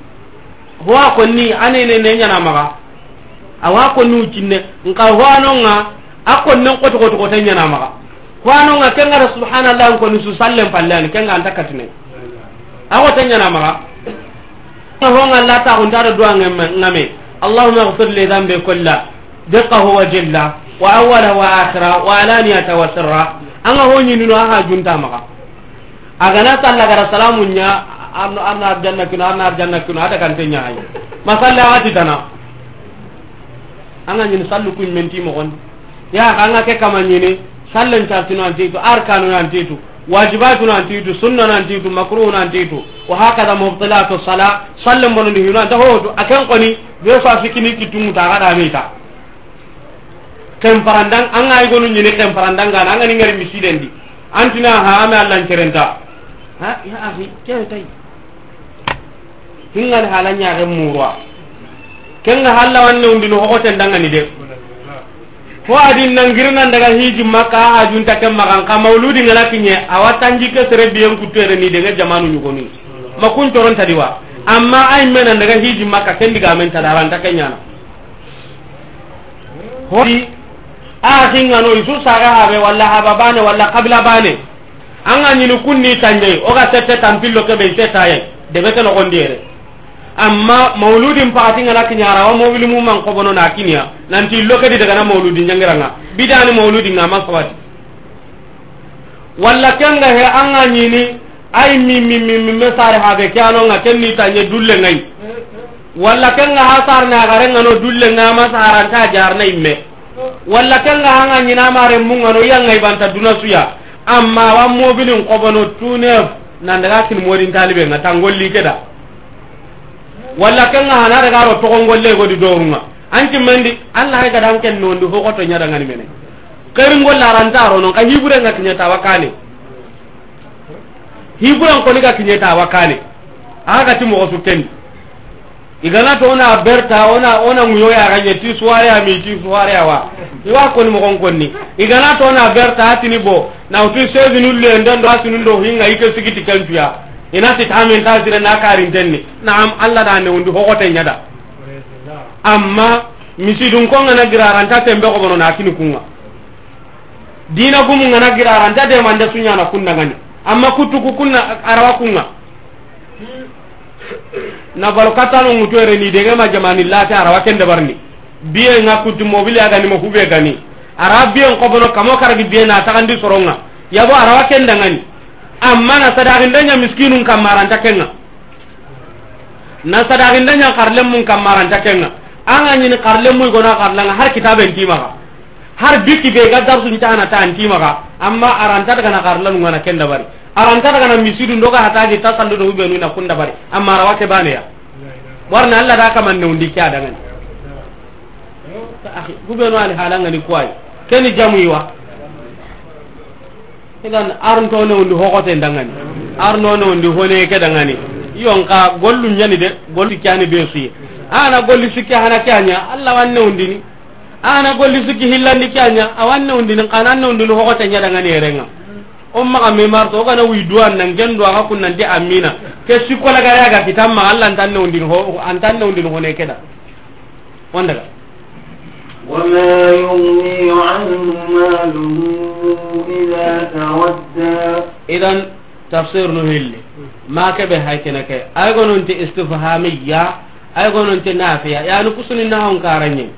ho ko ni ane ne nyana maga awa ko nu cinne nka ho anonga akon nan ko to ko tan nyana maga ho anonga ke ngara subhanallah ko ni su sallen pallan ken nganta katne ako tan nyana maga ho la ta on dara duwa ngame allahumma ighfir li dhanbi kullah wa وجله wa awala wa asra wa alaniyata wa sirra anga ho nyini no aha junta maka aga na tanga gara salamunya anna anna janna kina anna janna kina ada kan tenya ayi masalla wati tana anga nyini sallu kun menti mo kon ya anga ke kama nyini sallan ta tuna antitu arkanu antitu wajibatu antitu sunna antitu makruh antitu wa hakada mubtilatu sala sallan bonu hinu anta ho to akan qani be fa fikini kitungu ta gada meta kem parandang anga igonu nyini kem parandang gana anga ngari misidendi antina ha ame allan cerenta ha ya akhi kene tay hingal halanya ga murwa kenga hala wanne no ko tendanga ni de ko adin nangirnan daga hiji maka ha ta kam makan ka mauludi ngala pinye awatan ke sere biyen kutere ni de jamanu nyukoni makun toron wa amma ay menan daga hiji maka kendi diga men ta kenya hori axingano i su saga xaɓe walla xaɓa ɓane walla xabla ɓane anga ñini kunni tanjei oga sette tampillo keɓe i setaye deɓe ke noxondiere amma mauludi paxatingana kiñarawa mobili muman xoɓono na kinia nanti illo kedi dagana mauludi njangiranga ɓidani mauludinga ma sawati walla kenga he anga ñini ay mimimimime sare xaɓe ke anonga kenni tanje dullengayi walla kenga ha sarne agarengano dullengama saranta jarna imme walla kenga hanga ñina mare mungano yanga ibanta duna suya amma wa mobilin kobono tunef nandaga kini modin talibe nga tangolli keda walla kenga hana daga ro togon golle godi dorunga anki mendi alla hay gadan ken nondi hokoto nyada ngani mene kari ngolla rantaro non kan hibure nga kinya tawakani hibure ngoni ga kinya tawakani aga timo osu kenni iganata wona berta wona wona muyoya ganye ti soirée ami ti soirée awa iwa koni mogon konni iganata wona berta hatini bo nawti seize nulle ndendo hasinundo hinga ike sigiti kencuya inati tamin tasire na karintenni naam allah dane wondi hogote ñada amma misidun ko ngana giraranta tembe kobono nakini kunga dina gumu ngana giraranta demande suñana kunna ngani amma kuttuku kunna arawa kunga nafalo katano ŋutu ere ni dege ma jamani late arawa kende barni biye ŋa kuti mobili agani ma hube gani ara biye nkobono kamo karagi biye na tagandi soro ŋa yabo arawa kende ŋani amma na sadakinde nya miskinu nkamaranta ke ŋa na sadakinde nya karlemu nkamaranta ke ŋa anga nyini karlemu igona karla ŋa har kitabe ntimaga har biki be ga darsu ncana ta ntimaga amma aranta daga na karlanu ŋana kende bari arantatagana misidu ndoga hataji tasalludo uɓenuna funda bari amma rawake baneya warna allah da kamanne undi ke adagani ai uɓenu ali halangani kuway keni jamuiwa idan arntone undi hoxote dagani arnone undi honeke dagani yonka gollu ñani de gollu sikkeani besuye ana golli sikke hana keaña allah wanne undini ana golli sikki hillandi keaña awanne undini kananne undini hoxote ñadagani erenga on maga mai marto o gana wi duwan nan gen duwa ha kunnan di amina ke si kola ga yaga kitan ma Allah antanne undin ho antanne undin ho ne keda wanda ga wama yughni anhu maluhu idha tawadda idan tafsir no hille ma ke be hay kena ke ay gonon te istifhamiyya ay gonon te nafiya ya nu kusuni na hon karanye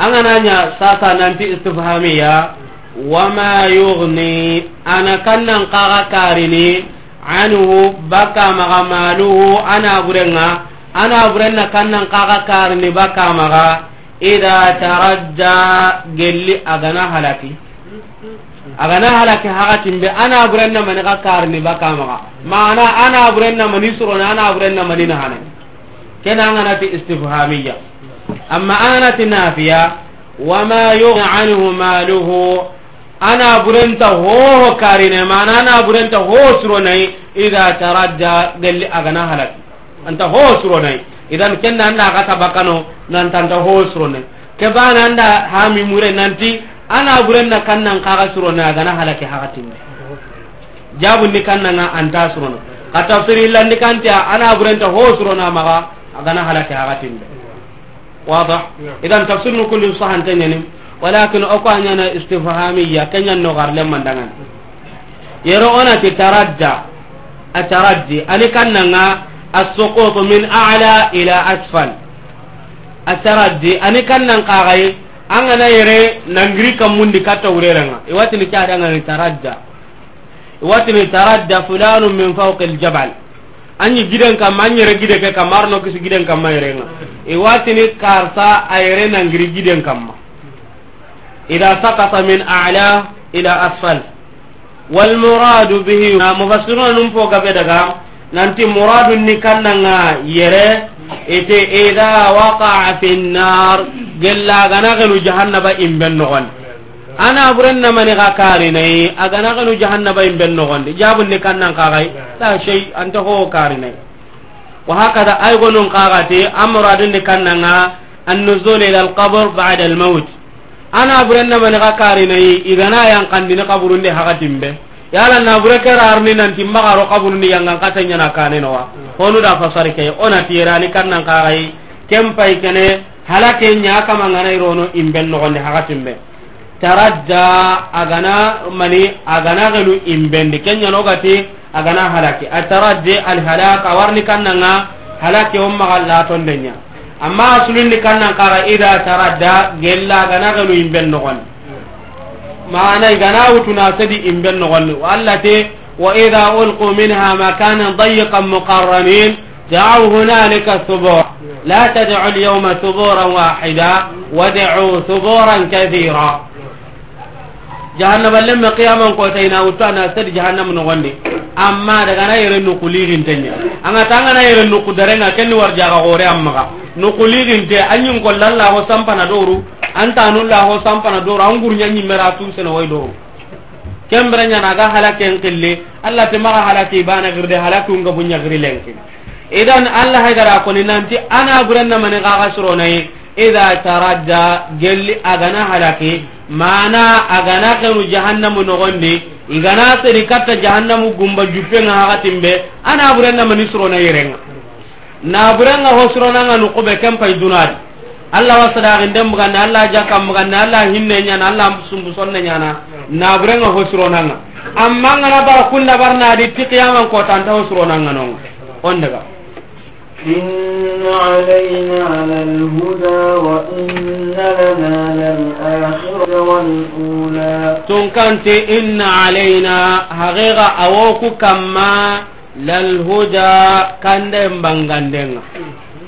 angana nya sasa nanti istifhamiyya wama yugni ana kannan kaga karini anhu baka maga maluhu ana burenga ana burenna kannan kaga karini baka maga ida taradda gelli agana halaki agana halaki haga timbe ana burenna mani ka karini baka maga maana ana burenna mani surona ana burenna mani na hanan kena ngana fi istifhamiyya amma ana tinafiya wama yughni anhu maluhu ana burenta hoho karine mana ana burenta hoho suro nai ida taradda gelli agana halak anta hoho suro nai idan kenda anda kata bakano nanta anta hoho suro nai kebana anda hami mure nanti ana burenda kannan kaga suro nai agana halak hakatinde jabu ni kannan anta suro nai kata suri landi kanti ana burenta hoho suro nai maga agana halak hakatinde wadah idan tafsir nukundi usahan tenyenim walakin oko anyana istifhamiya kenyan no garle mandangan yero ona ti taradda ataraddi ani kannanga as min a'la ila asfal ataraddi ani kannan qagai angana yere nangri kamundi kata ureranga iwati ni kada ngani taradda iwati ni taradda fulanun min fawqi al-jabal anyi giden kam anyere gide ke kamarno kisi giden kam iwati ni karsa ayere nangri giden kamma إذا سقط من أعلى إلى أسفل والمراد به مفسرون نمفو كبدا ننتي مراد نكنا يري إتي إذا وقع في النار قلا غنغل جهنم إن بنغن ana burenna mani ka karinai agana kanu jahannaba in ben nogondi jabun ni kannan kagai la shay anta ho karinai wa hakada ay gonun kagati amradun ni kannanga an-nuzul ila al-qabr ba'da al-maut ana buren na bani ka kari na yi igana yan kandi na kaburun de haka timbe yala na bure kera arni nan timba karo kaburun de yang angkata nya na kane no wa honu da fasari kai ona tiira ni kan nan kara yi kempai kene halake nya ka mangana iro no imben no gonde haka timbe taradda agana mani agana galu imben de kenya no gati agana halake ataradde al halaka warni kan nan halake umma galla ton denya amma asulunni kannan kara ida tarada gella gana ganu imben nogon maana igana wutuna sadi imben nogon walla te wa ida ulqu minha makanan dayiqan muqarranin دعوا هنالك ثبورا لا تدعوا اليوم ثبورا واحدا ودعوا ثبورا كثيرا jahannaba lemme qiyamankotayina wuttu ana sadi jahannama nogondi amma daga na yere nukuliginteya agata angana yere nuku darenga kenni war jaga hore ammaga nukuliginte anyin kolla laho sampana doru antanu laho sampana doru angurnya nyimmera tunsene way doru kembrenyanaga halake nkille allah temaga halake ibanagirde halake unga bunyagiri lenki idan allah haydara koni nanti ana gurennamani gaga sironayi ida taradda gelli agana halake mana agana kenu jahannamu nogondi igana seni katta jahannamu gumba juppe nga hakatimbe anaburenga mani surona yerenga naburenga hosuronanga nukube kempay dunadi allah wasadakinde mugane allah jakka mugane allah hinne ñana allah sumbusonne ñana naburenga hosuronanga amma ngana bara kunnabarnadi ti kiyaman kotanta hosuronanga nonga on ndega إن علينا للهدى وإن لنا للآخرة والأولى تنكنت إن علينا هغيغا أوكو كما للهدى كندم بانغاندين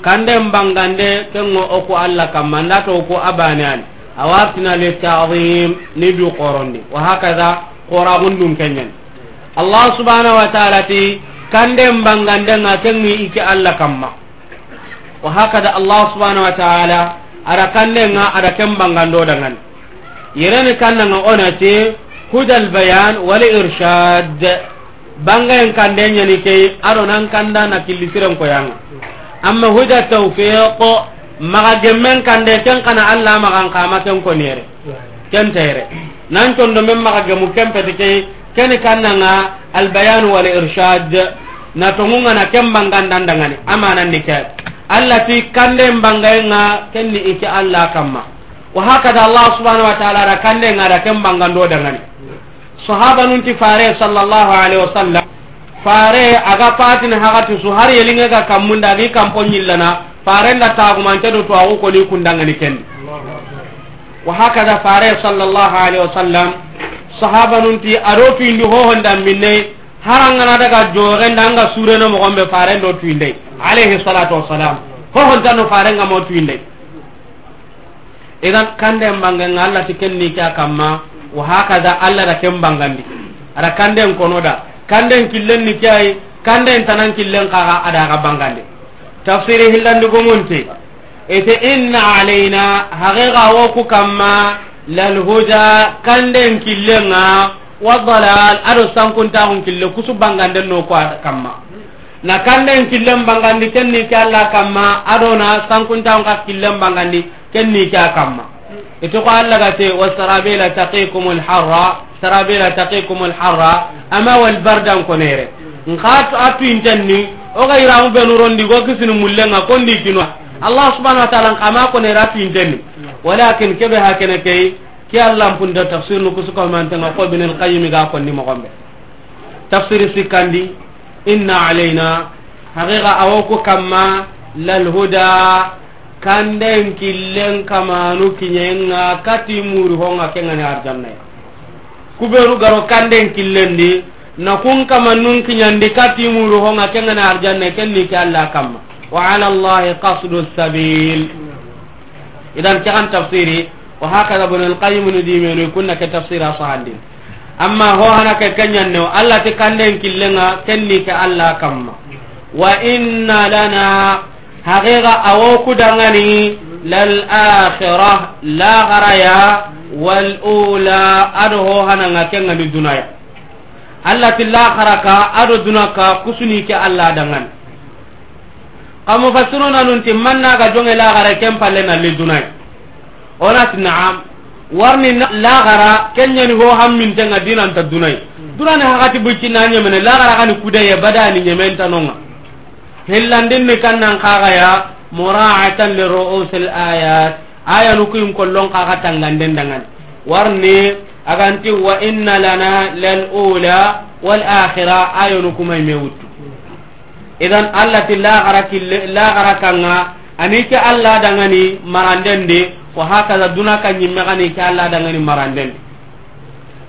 كندم بانغاندين كنو أوكو الله كما ناتوكو أبانيان أوابتنا للتعظيم نبي قرني وهكذا قرابون دون كنين الله سبحانه وتعالى kanden bangandenga kenni ike allah kamma wa hakada allah subhanau wa taala ara kandenga ada ken bangando dangani yereni kannanga onati hudal bayan wali irshad bangayen kandenyani key aɗo nan kanda na killisiren koyanga amma huda taufiq maga gemmen kande ken kana allah magan kama ken koniyere ken tayre nan condomen maga gemu kenpeti key keni kannanga albayan wal irshad na tongunga na kemba ngandandangani ama nandi ke alla ti kande mbanga nga kenni iki alla kama wa hakada allah subhanahu wa ta'ala ra kande nga ra kemba ngando dangani sahaba nun ti fare sallallahu alaihi wasallam fare aga patin hakati su har yelinga ga kamunda gi kamponyillana fare la tagumante do to awu ko ni kundangani kenni wa hakada fare sallallahu alaihi wasallam sahaba nun ti aɗo findi hohondan minnei harangana daga jorenda anga sureno mogonɓe farendo tuindei alayhi salatu wasalam hohontano farenga mo tuindei idan kanden bangenga allah ti ken nike a kamma wa hakada allah da ken bangandi ada kanden konoda kanden killen ni kiyayi kanden tanan killen kaga ada ga bangande tafsiri hillandi gomonte ete inna alaina haqiqa woku kamma lalhuda kanden killenga wadalal aɗo sankuntaxun kille kusu bangande noko kamma na kanden killen bangandi ken nike allah kamma aɗona sankuntaxun ka killen bangandi ken nike a kamma itu ko allah gate wa sarabila taqikum lharra sarabila taqikum lharra ama walbardan konere nka a tuintenni oga yiramu benu rondigo kisini mullenga kondi kinoa allah subhanau wa taala nkama konere a tuintenni walakin keɓe ha kene key ke allahnpunta tafsir nu kusukomantenga ko binel kayimi ga konni mogonɓe tafsir sikkandi inna alayna haqiqa awo ku kamma lalhuda kanden killen kamanu kiñenga kati muri honga kengani arjannaya kuɓenu garo kanden killendi na kun kamannun kiñandi kati muri honga kengani arjannaya kenni ke allah kamma wa ala allahi kasdu sabil idan kagan tafsiri wa hakaza ibn al-qayyim nudimenu kunna ka tafsira sahandin amma ho hana ka kanyan ne Allah ta kanden killenga kenni ka Allah kamma wa inna lana haqiqa awo kudangani lal akhirah la gharaya wal ula ado ho hana nga kenga ni dunaya Allah tilla kharaka ado dunaka kusuni ke Allah dangan amo fasiru na nun ti man naga jonge lagara ken palle na li dunai onat naam warni lagara ken nyani ho ham min tenga dinan ta dunai durani hakati bucci na nyemene lagara kan kude ya badani nyemen tanonga hellandin ne kan nan kaga ya mura'atan li ru'usil ayat aya nu kuyum kollon kaga tangandeng dangan warni aganti wa inna lana lal ula wal akhira ayunukum ay mewutu idan allah ti laxara kanga ani ke allah dangani maranden di fo hakaza duna ka ñimme xani ke allah dangani maranden di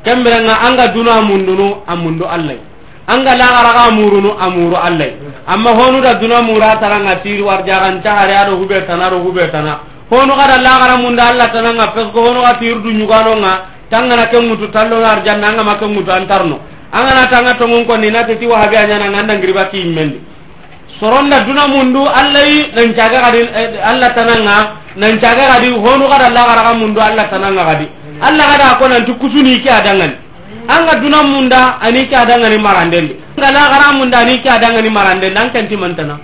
kemberenga anga duna mundunu a mundu allahy anga laxaraxa murunu a muru allahy amma honuda duna muru a taranga siri warjaxanta are aɗo huɓe tana aɗo huɓe tana honu xada laxara mundu allah tananga pesque honu xa tiridu ñuganonga tangana ke ŋutu tallono arjanna angama ke ŋutu antarno angana tanga tongon konni nateti wahabi a ñananga anda ngiriba kiimmendi soronda duna mundu allahi nancaga gadi eh, allah tananga nancaga gadi honu gada allah garaga mundu allah tananga gadi allah gada ko nanti kusuni ki adangani anga duna munda ani ki adangani marandendi anga la gara munda ani ki adangani marandendi anka nti mantana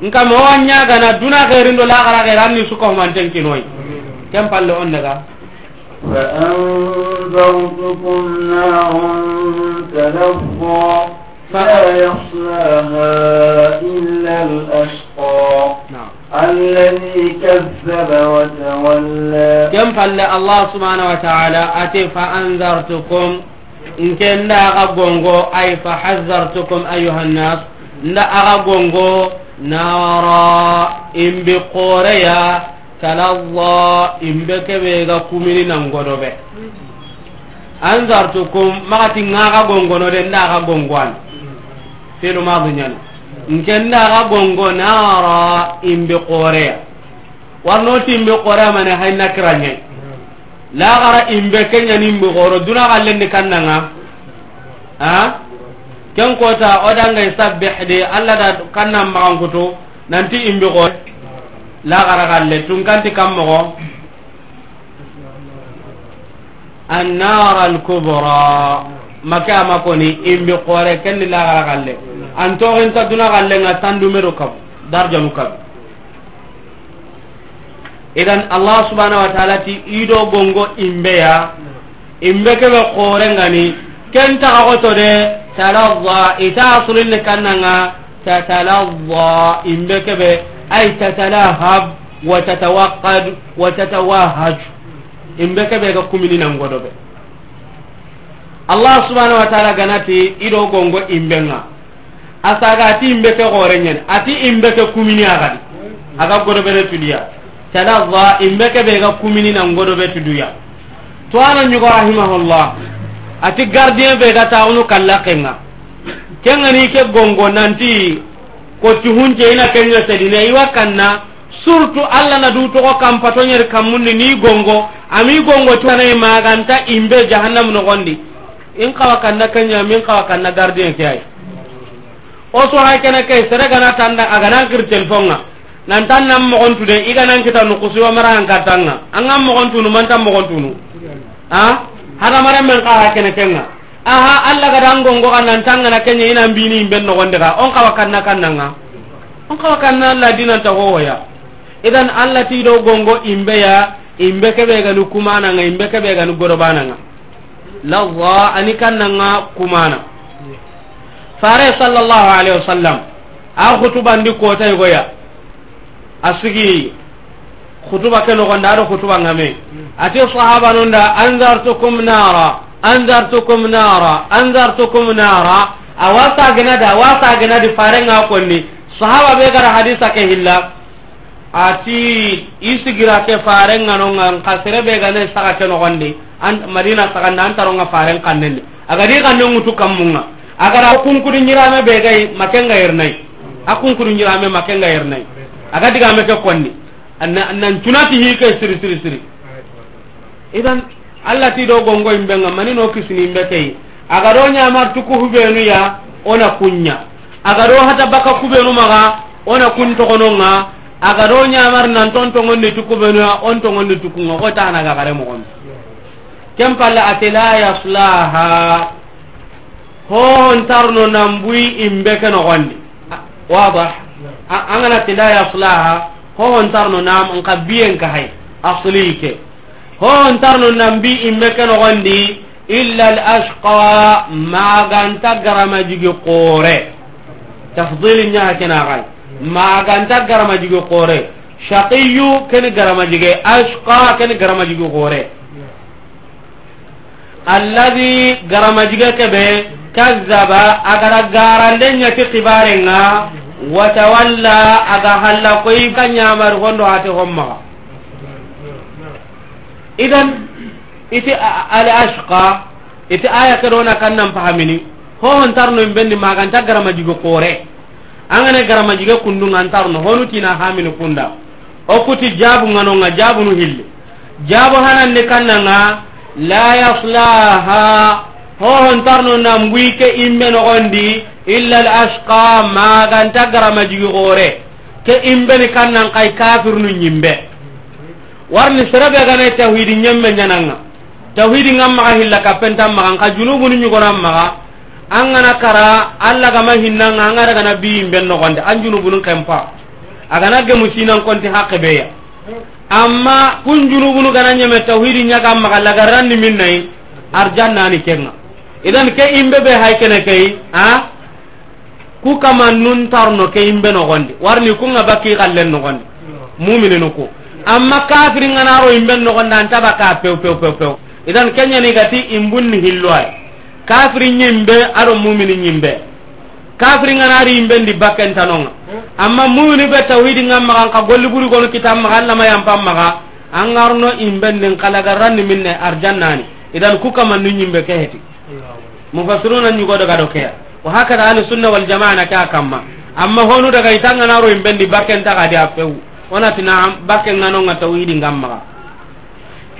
nka mo wanya gana duna gairindo la gara gairani suko manten kinoi kempalle on daga فأنذرتكم نارا تلظى فلا يصلاها إلا الأشقى نعم الذي كذب وتولى كم فل الله سبحانه وتعالى أتي فأنذرتكم إن كان لا أغبونغو أي فحذرتكم أيها الناس لا أغبونغو نارا إن بقوريا تلظى إن بكبيغا كمين ننغدو به anzartukum magati ngaga gongono de ndaga gongwan fenu maadu ñanu nkenda ga gongo naara imbe qorea warnoti imbe qorea mane hay nakira ñay lagara imbe ke ñani imbe qoro duna gallendi kannanga a ken kota odangay sabbih de allah da kannan magankutu nanti imbe qore lagara galle tun kanti kammogo annara alkubra make ama koni imbi kore kenni lagara galle antoxinta duna gallenga tandumero kam darjanu kam idan allah subhanau wa taala ti ido gongo imbeya imbe keɓe korengani ken taxa xoto de talaa ita asulinne kannanga tatalaa imbe keɓe ay tatalahab wa tatawaqad wa tatawahaj imbe keɓe ga kumininangodoɓe allah subhanau wa taala ganati ido gongo imbenga asaga ati imbeke horeñen ati imbeke kumini agadi aga godobene tudiya tada a imbeke ɓega kumini nan godobe tuduya to ana ñugo rahimahullah ati gardien ɓega taxunu kalla kenga kengani ke gongo nanti koti hunce ina kenge sedine iwa kanna surtout allah na dutoxo kampatoñeri kammundi ni gongo ami gongo tanai maganta imbe jahannam noxondi in kawakanna kenya min kawakanna gardien ke ay o sora kene ke sere gana tanda aga nan kir telefonga nan tan nan mo kontu de iga nan kita nu kusi wa mara hanka tanga anga mo kontu nu man tan mo kontu nu ha hada mara men ka ha kene kenga aha alla ga dango ngo kan nan tanga na kenya ina bini imben no wonde ka on kawakanna kananga on kawakanna la dinan ta ho ya idan alla ti do gongo imbe ya imbe ke be ga nu kuma nan imbe ke be ga nu goro bananga laa ani kannanga kumana farai sall llahu alaihi wasallam a hutubandi kootai goya a sigi hutuba ke nogonda aɗo hutubangame ati sahaba nonda anzartukum nara anzartukum nara anzartukum nara awa saginadi awa saginadi farenga konni sahaba ɓe gara hadisa ke hilla ati i sigirake farenga nonga nkasire ɓegana saga ke nogondi madina saganna an taronga faren kannenni agadi kannengutu kammunga agara kunkuri ñirame ɓegay make nga yernayi a kunkuri ñirame make nga yernayi aga digame ke konni nancunati hike siri siri siri idan allah ti do gongo imɓenga manino kisinimɓe keyi aga ɗo ñamar tuku huɓenu ya ona kunña aga ɗo hata bakka kuɓenu maga ona kun togononga aga ɗo ñamar nan ton togonni tukuɓenuya on togonni tukunga ko tanaga xare mogon kem pala ate la yaslaha hohon tarno nambui imbe ke nogondi waba angana ti la yaslaha hohon tarno nam nka biyen ka hay asli ke hohon tarno nambi imbe ke nogondi illa al ashqa maganta garama jigi qore tafdili nya kena gal maganta garama jigi qore shaqiyu ken garama jigi ashqa ken garama jigi qore alladi garamajiga keɓe kazaba agara garande ñati kibarenga watawalla aga halla koy ka ñamari hondo ate hommaga idan iti al ashka iti aya kedona kan nan pahamini hohon tarno im ɓendi maganta garamajigo koore angane garamajige kundunga ntarno honu tina hamini kunda okuti jabu nganonga jabunu hilli jabu hanan ni kannanga la yaslaha hohon tarno nam guike imbe nogondi illa alashqa maganta garama jigi gore ke imbe ni kannan kay kafir nu nyimbe warni serebe gane tawhidi nyemme nyananga tawhidi ngamma ka hilla ka penta maga ka junubu ni nyugo namma angana kara alla gama hinna ngara gana bi imbe nogonde anjunubu nun kempa agana ge musina kon ti hakke beya amma kun junubunu gana ñeme tawhidi ñagam maga lagarandi min nayi arjanna ani kenga idan ke imbe be hay kene kay ha ku kama nun tarno ke imbe no gondi warni ku nga bakki kallen no gondi mu'minin ko amma kafirin ngana ro imbe no gondi an taba ka pew pew pew pew idan kenya ni gati imbun hilloy kafirin imbe aro mu'minin imbe kafri nganari yimbendi bakkentanonga hmm. amma muuni be tawhidi ngammagan ka golli buri gono kitammaga allama yampan maga angarno imbenden kalagarranni minne arjannani idan kukamannu yimbe keheti mufasiruna nyugo daga dokea wa hakada ahlu sunna waljamaa nake a kamma amma honu daga ita nganaro imbendi bakkentagadi a few wonati naam bakke nganonga tawhidi ngammaga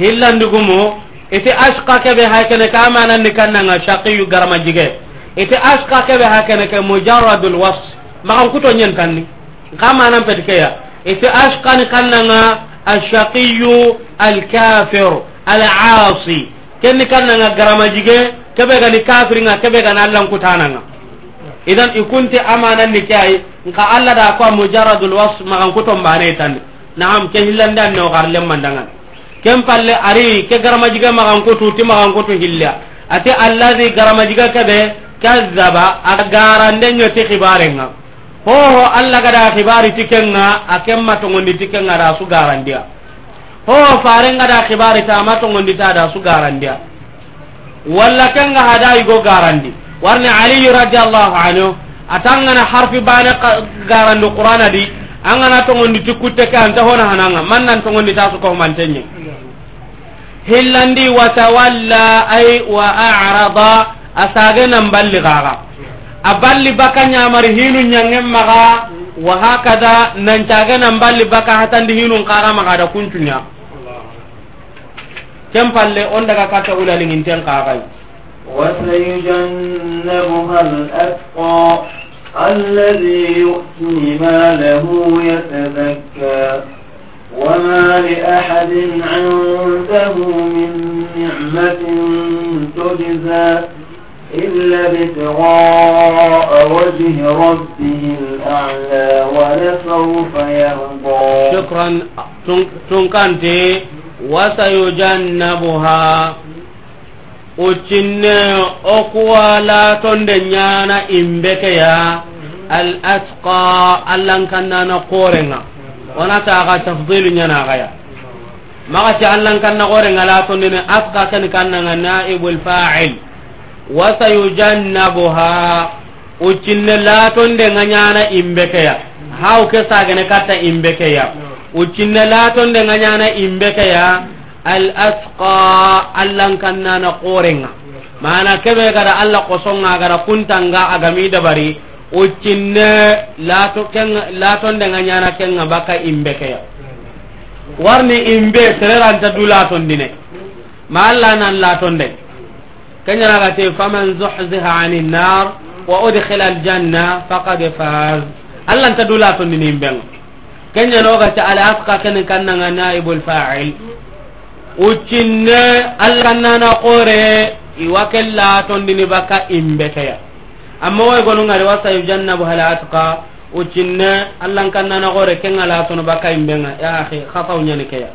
hillandigumo iti ashka keɓe hay kene kamananni kannanga shakiyu garama jige ite aska keɓe ha kene ke mujaradul wasf maxan kuto ñen tanni nka manan pet keya ite askani kamnanga alchaqiyu alkafir alasi kenni kamnanga garama jige keɓegani kafirnga keɓegani allankutananga idan ikunti amananni ke ay nka allah da koa mujaradul wasf maxan kuto mbane tanni naam ke hillandi an neoxar lemmandangan ken palle ari ke garama jige maxan kutu ti maxan kutu hilla ati allahdi garama jige keɓe kazzaba aga garande ñoti xibarenga hoho allah gada xibari ti kenga a kemma togondi ti kenga da su garandia hoho farenga da xibari tama togondi ta da su garandia walla kenga hada yigo garandi warne aliyu radiallahu anu ata ngana harfi bane garandi qurana di a ngana togondi ti kutte ke anta hona hananga man nan togondi ta su kohmantenñe hillandi watawalla ay wa arada asage nan balli gaga a balli baka nyamari hinu nyangem maga wa hakada nan tage nan balli baka hatan di hinu kaga maga da kuntunya kem palle on daga kata ulalingin ten kagai وسيجنبها الأتقى الذي يؤتي ماله يتزكى وما لأحد عنده من نعمة تجزى إلا ابتغاء وجه ربه الأعلى ولسوف يرضى شكرا تنكنتي وسيجنبها uccinne okuwa latonde ñana imbekeya al atqa allankannana korenga wonataxa tafdilu ñanagaya maxati allankannakore nga latondene atqa ken kannanga naibu lfa'il wasayujannabuha u cinne latonde nga ñana imbekeya ha u ke sagene katta imbekeya u cinne latonde nga ñana imbekeya al asqa allankannana qorenga mana keɓe gara allah qosonga gara kuntanga agami dabari u cinne latonde nga ñana kenga bakka imbekeya warni imbe sereranta du latondine ma allah nan latonde kañaragate faman zuhziha ani nar wa udkhila aljanna faqad faz allanta dulatoninin ɓenga keñanogati ala afka kene kannaga naibu lfail uccinne allahkannana kore iwa kellatondini baka imbeteya amma woy gonugari wa sayujannabuha alatka uccinne allahnkannana kore kengalatono baka imbenga yaahi hasawñani keya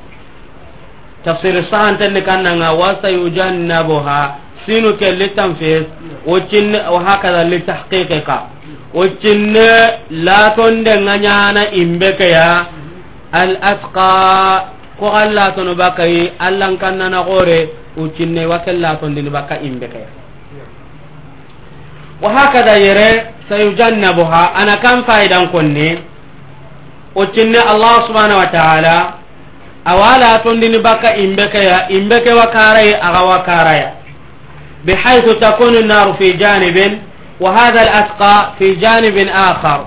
tafsir sahantenni kannaga wa sayujannabuha sinu ke litan fe o cinne o hakala li tahqiqi ka o cinne la ton de nganyana imbe ke ya al asqa ko alla ton bakai allan kanna na gore o cinne wa kella ton din baka imbe ke wa hakada yere sayujannabuha ana kan faidan konne o cinne allah subhanahu wa ta'ala awala ton din baka imbe ke ya imbe ke wa karai aga wa karaya بحيث تكون النار في جانب وهذا الأسقى في جانب آخر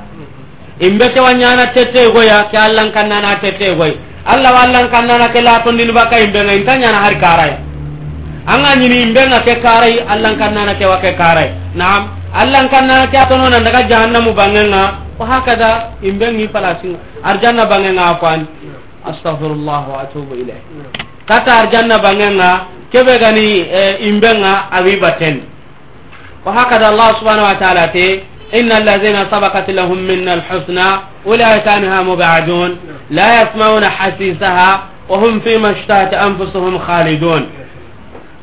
إن بيت وانيانا تتي غويا كاللان كاننا تتي غوي الله وانيانا كاننا كلا تندل بقى إن بينا إن تنيانا هاري كاراي أنا نيني إن بينا كاراي اللان كاننا كواك كاراي نعم اللان كاننا كاتنونا نغا جهنم بانينا وهكذا إن بيني فلاسين أرجانا بانينا أقوان أستغفر الله وأتوب إليه كاتا أرجانا بانينا kebe gani e, imbenga abi baten wa hakada allah subhanahu wa ta'ala te inna allazina sabaqat lahum minna alhusna ulaika anha mubadun la yasmauna hasisaha wa hum fi ma ishtahat anfusuhum khalidun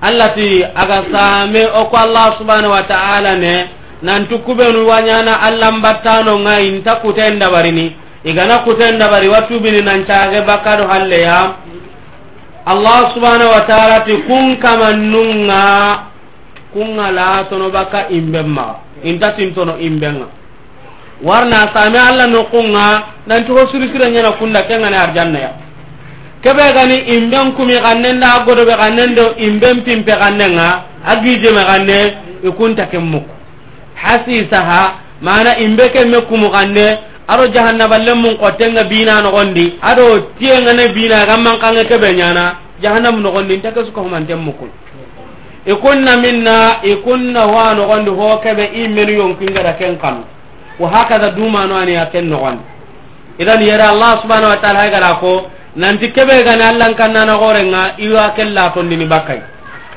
allati aga same o ko allah subhanahu wa ta'ala ne nan tukubenu wanyana allam battano ngai ntakutenda barini igana kutenda bari watubini nan chaage bakaru halle ya allah subhanahu wa taala ti kun kama nunga kunga latono baka imben maga intatintono imbenga warna sami allah no kunga nantiko sirisira ñana kunda kengani arjannaya keɓe gani imben kumi kannenda a godoɓe kannendo imben pimpe kannenga a gijeme kanne ikuntake mukk hasisaha mana imbe kemme kumu kanne aɗo jahannaba lemmun kottenga bina nogondi aɗo tiyenga ne bina gamman kange keɓe ñana jahannabu nogondi ntake suka homanten mukul ikunna minna ikunna ho a nogondi ho keɓe i menu yonkingeɗa ken kanu wa hakaza dumano ani a ken nogondi idan yere allah subhanau wa taala haygara ko nanti keɓe gani allahnkannana horenga iwa ken latondini bakkay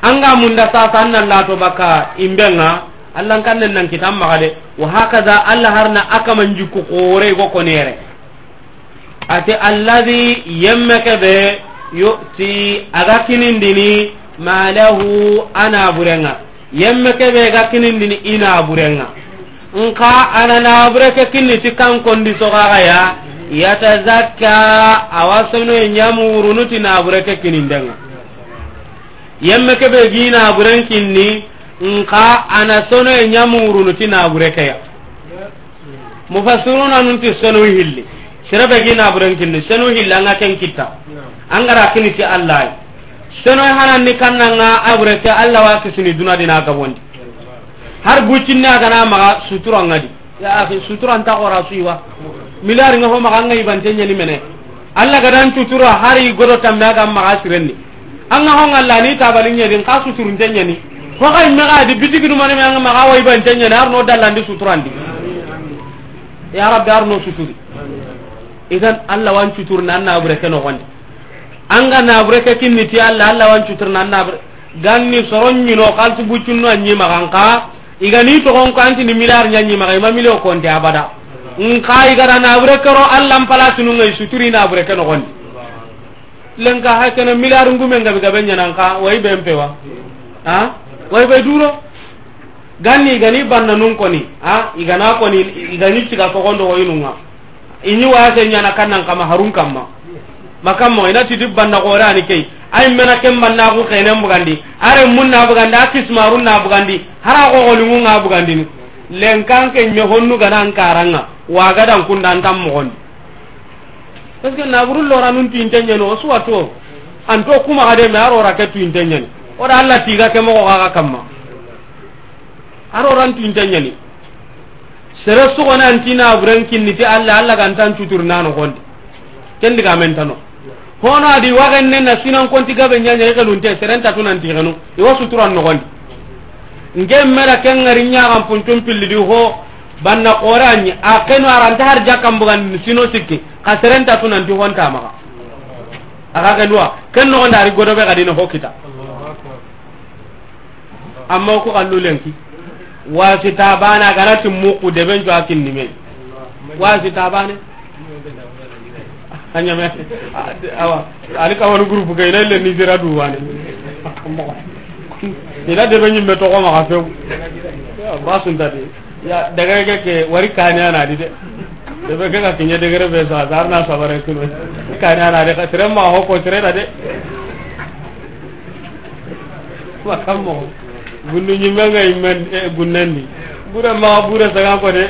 anga munda sasa annan lato bakka imbenga allah nkannen nankitan maxa de wa hakaza allah harna a kama njikku xuure go koneere ati allahi yemmeke ɓe yuti aga kinindini malahu anaburenga yemmeke ɓe ga kinindini inaburenga nka ananabureke kinniti kan kondi soxaxaya yatazakka awa sonoye ñamurunuti naburekekinindenga yemmeke ɓe gi naburen kinni nka ana sonoye ñamuguruni ti nabourekeya mufassiruna nunti sono hilli serebegi naburenkinni sono hilli anga ken kitta angara kini ti allahi senoye hananni kannanga abureke allah wa kisini dunadina gabondi har buccinni agana maga suturangadi yaai suturanta ora suiwa milliard nga homaga anga yibante ñani mene allah gadan cutura har godo tambe agan maga sirenni anga honga allah ni tabalin ñedi nka suturunte ñani fakay maga di bitigi du manam yanga maga way ban tanya nar no dalandi suturandi ya rabbi ar no suturi idan allah wan sutur nan na bure ke no wandi anga na bure ke kinni ti allah allah wan sutur nan na bure ganni soron ni no kal tu no anyi maga nka igani to kon kan ni milar nyanyi maga ma milo kon ti abada nka igara na bure ke ro allah pala tunu ngai suturi na bure ke no wandi lenga hakana milar ngumen gabe gabe nyananka way bempewa ha way ɓe duro ganni igani banna nun koni a igana koni igani siga fogondogoyinunga iñi wase ñana kannan kama harun kamma makamma ina tidi banna gore ani kei ay mena ken bannaku xenen bugandi are mun na bugandi a kismarun na bugandi hara xoxolingu nga bugandini lenkan ke ñohonnu gana nkaranga waga dan kunda ntan moxondi parce que naburun lora nun tuinte ñeni o suwatuo anto kumaxade me aroora ke tuinte ñeni oda allah tiga ke mogo xaxa kamma ara orantuntañani sere sugona anti naguren kinniti allah allah gantan cuturnano gondi ken digamentano hono adi wagenne na sinankonti gabe ñañai xelunte serentatunantixenu iwo suturan nogondi nge mera ken ngari ñaxan puncun pillidi ho banna qore añi a kenu arante har jakkan bugandini sino sikki xa serentatunanti hontamaxa axa xenduwa ken nogondi ari godoɓe xadine fo kita amma ku kallu lenki wasi tabana gana timmu ku ben jwa akin nime wasi tabane hanya me awa ali ka grupu groupe kay le ni jira du wane ila de ben yimbe to ko ma ka few basun tadi ya daga ga ke wari kanya na di de be ga kinya de gere be sa zar na sabare kuno kanya na de ka tren ma ho ko tren da de wa kammo bundu ñimmengay e men gunnandi e ɓure maa ɓure saga ko de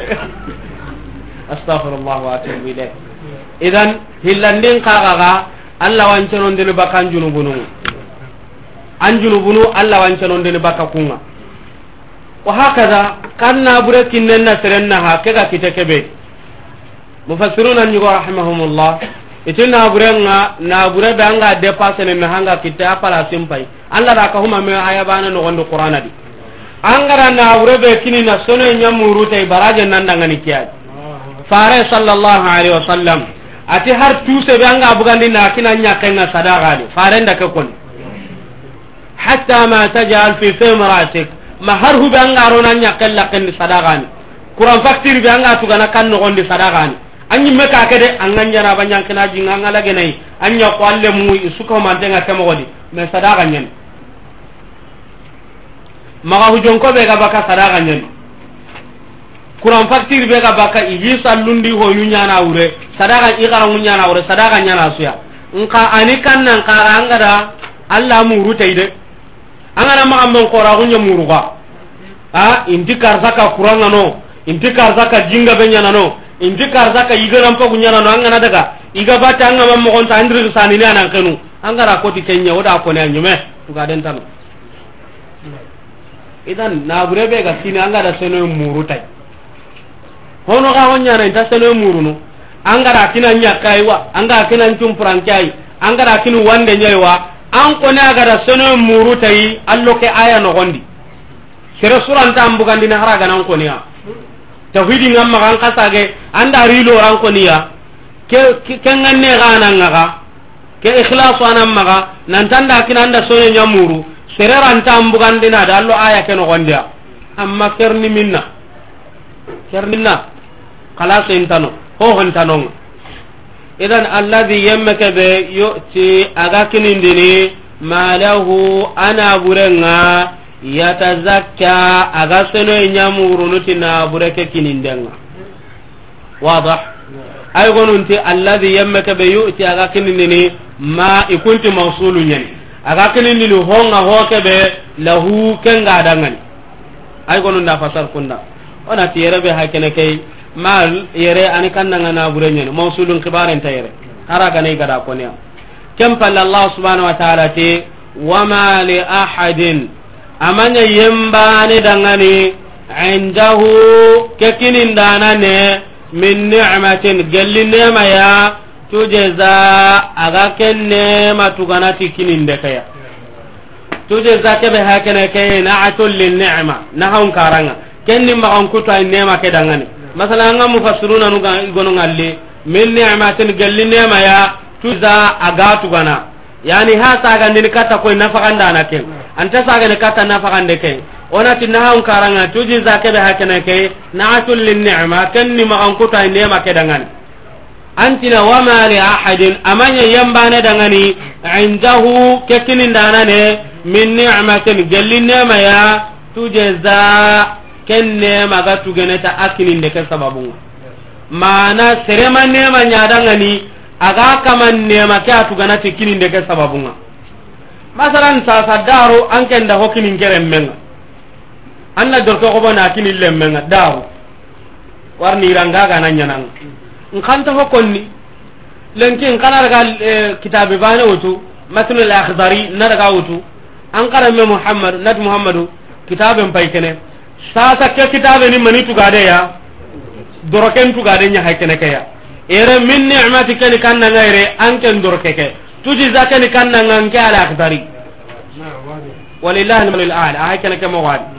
astahfirullah wa atubu ilayk idan hillandin kaagaga allah wancenondini bakka an junubunu an junubunu allah wancenondini bakka kunga wa hakada kan na ɓure kinnen na serennaha ke ga kite keɓe mufassiruna ñigo rahimahumullah iti naburenga nabure be anga dépasséne me hanga kitte a palasin pay allah raka huma me ayabana nogondi qurana di angara nabure be kinina sono ñamurutay baraje nandangani kiyadi fare sallallahu alaihi wa sallam ati har tuseɓe anga bugandi nakina ñakkenga sadakadi fare ndake kon hatta ma tajal fi femratik ma har huɓe angaronan ñakken lakkendi sadakani couran factire ɓe anga tugana kan nogondi sadakani anyimme kake de angannyana banyankina ji ngangalagenai anya kwalle mu isuka mante nga temo godi me sadaka nyen maga hujon ko be ga baka sadaka nyen kuran faktir be ga baka ihi sallundi ho nyunya na ure sadaka igara munya na ure sadaka nyana suya nka anikan nan ka angara alla mu rutai de angara ma ambe ko ra hunya muruga ha indikar zakka kuranga no indikar zakka jinga benya na no inti karta ka yigaran pagu ñanano an gana daga iga bate an gama mogonta andirigi sanini anan kenu an gara koti kenya woda kone a ñume tugadentano idan naburebe ga sini an gada senoyi muru tai hono ka ho ñana inta senoyi murunu an gara kina ñakkayi wa an ga kina cumpurankeayi an gara kini wande ñayi wa an kone a gada senoyi muru tai alloke aya nogondi sere suranta an bugandine hara ganan koneya tawhidi ngam makan kasage anda rilo ran ko niya ke ke nganne gana ngaga ke ikhlas wana maga nan tanda kin anda sone nyamuru serera ntambu gandina dallo aya ke no gondia amma kerni minna kerni minna khalas entano ho hontano idan alladhi yamaka be yuti aga kinindini ma lahu ana burenga yatazakka aga senoye ñamurunutina bureke kinindenga wada ay gonunti alladi yemmeke ɓe yuti aga kinindini ma ikunti mausulu ñani aga kinindini honga hokeɓe lahu kenga dangani ay gonunda fasar kunda onati yere ɓe hakkene key mal yere ani kannanga nabure ñani mausulun kibarenta yere hara ganai gada koneya kem palle allah subhanau wa taala te wama li ahadin amanya ne dangani indahu ndana ne min ni'matin gelli nema ya tujeza aga ken nema tuganati kinin de kaya ke be hakene kaya na'atul lin ni'ma hon karanga ma on kutu ne nema ke dangani masalan anga mufassiruna nu gono ngalle min ni'matin gelli nema ya tuza aga tugana yani ha ga ndini kata ko nafa na ken anta sagane kata na fagande ke onati nahan karanga tuji zakebe hakene ke naatul linnima kenni magankutai ma ke dangani antina wama li ahadin amanya yambane dangani indahu kekinin ne min ni'matin gelli nema ya tuje za ken nema ga tugeneta akinin de ke sababu mana serema nema nyadangani aga kaman nema ke atuganati kinin de ke sababu masalan sasa daru an kenda hokini keren menga anna dorto ko bona kini lemmenga daru warni ranga ga nan nyanan in kan ta hokonni lenke in kanar ga e, kitabe bana wutu matnu al akhdari na daga wutu an kara me muhammad nat muhammadu kitabe mbay kene sasa ke kitabe ni manitu ga de ya doroken tu ga de nya hay kene ke ya ere min ni'matika ni kan na ngaire an ken doroke ke, ke. tuti zakani kanna nganke ala akhdari walillahi malil ala ahay kana kemo wadi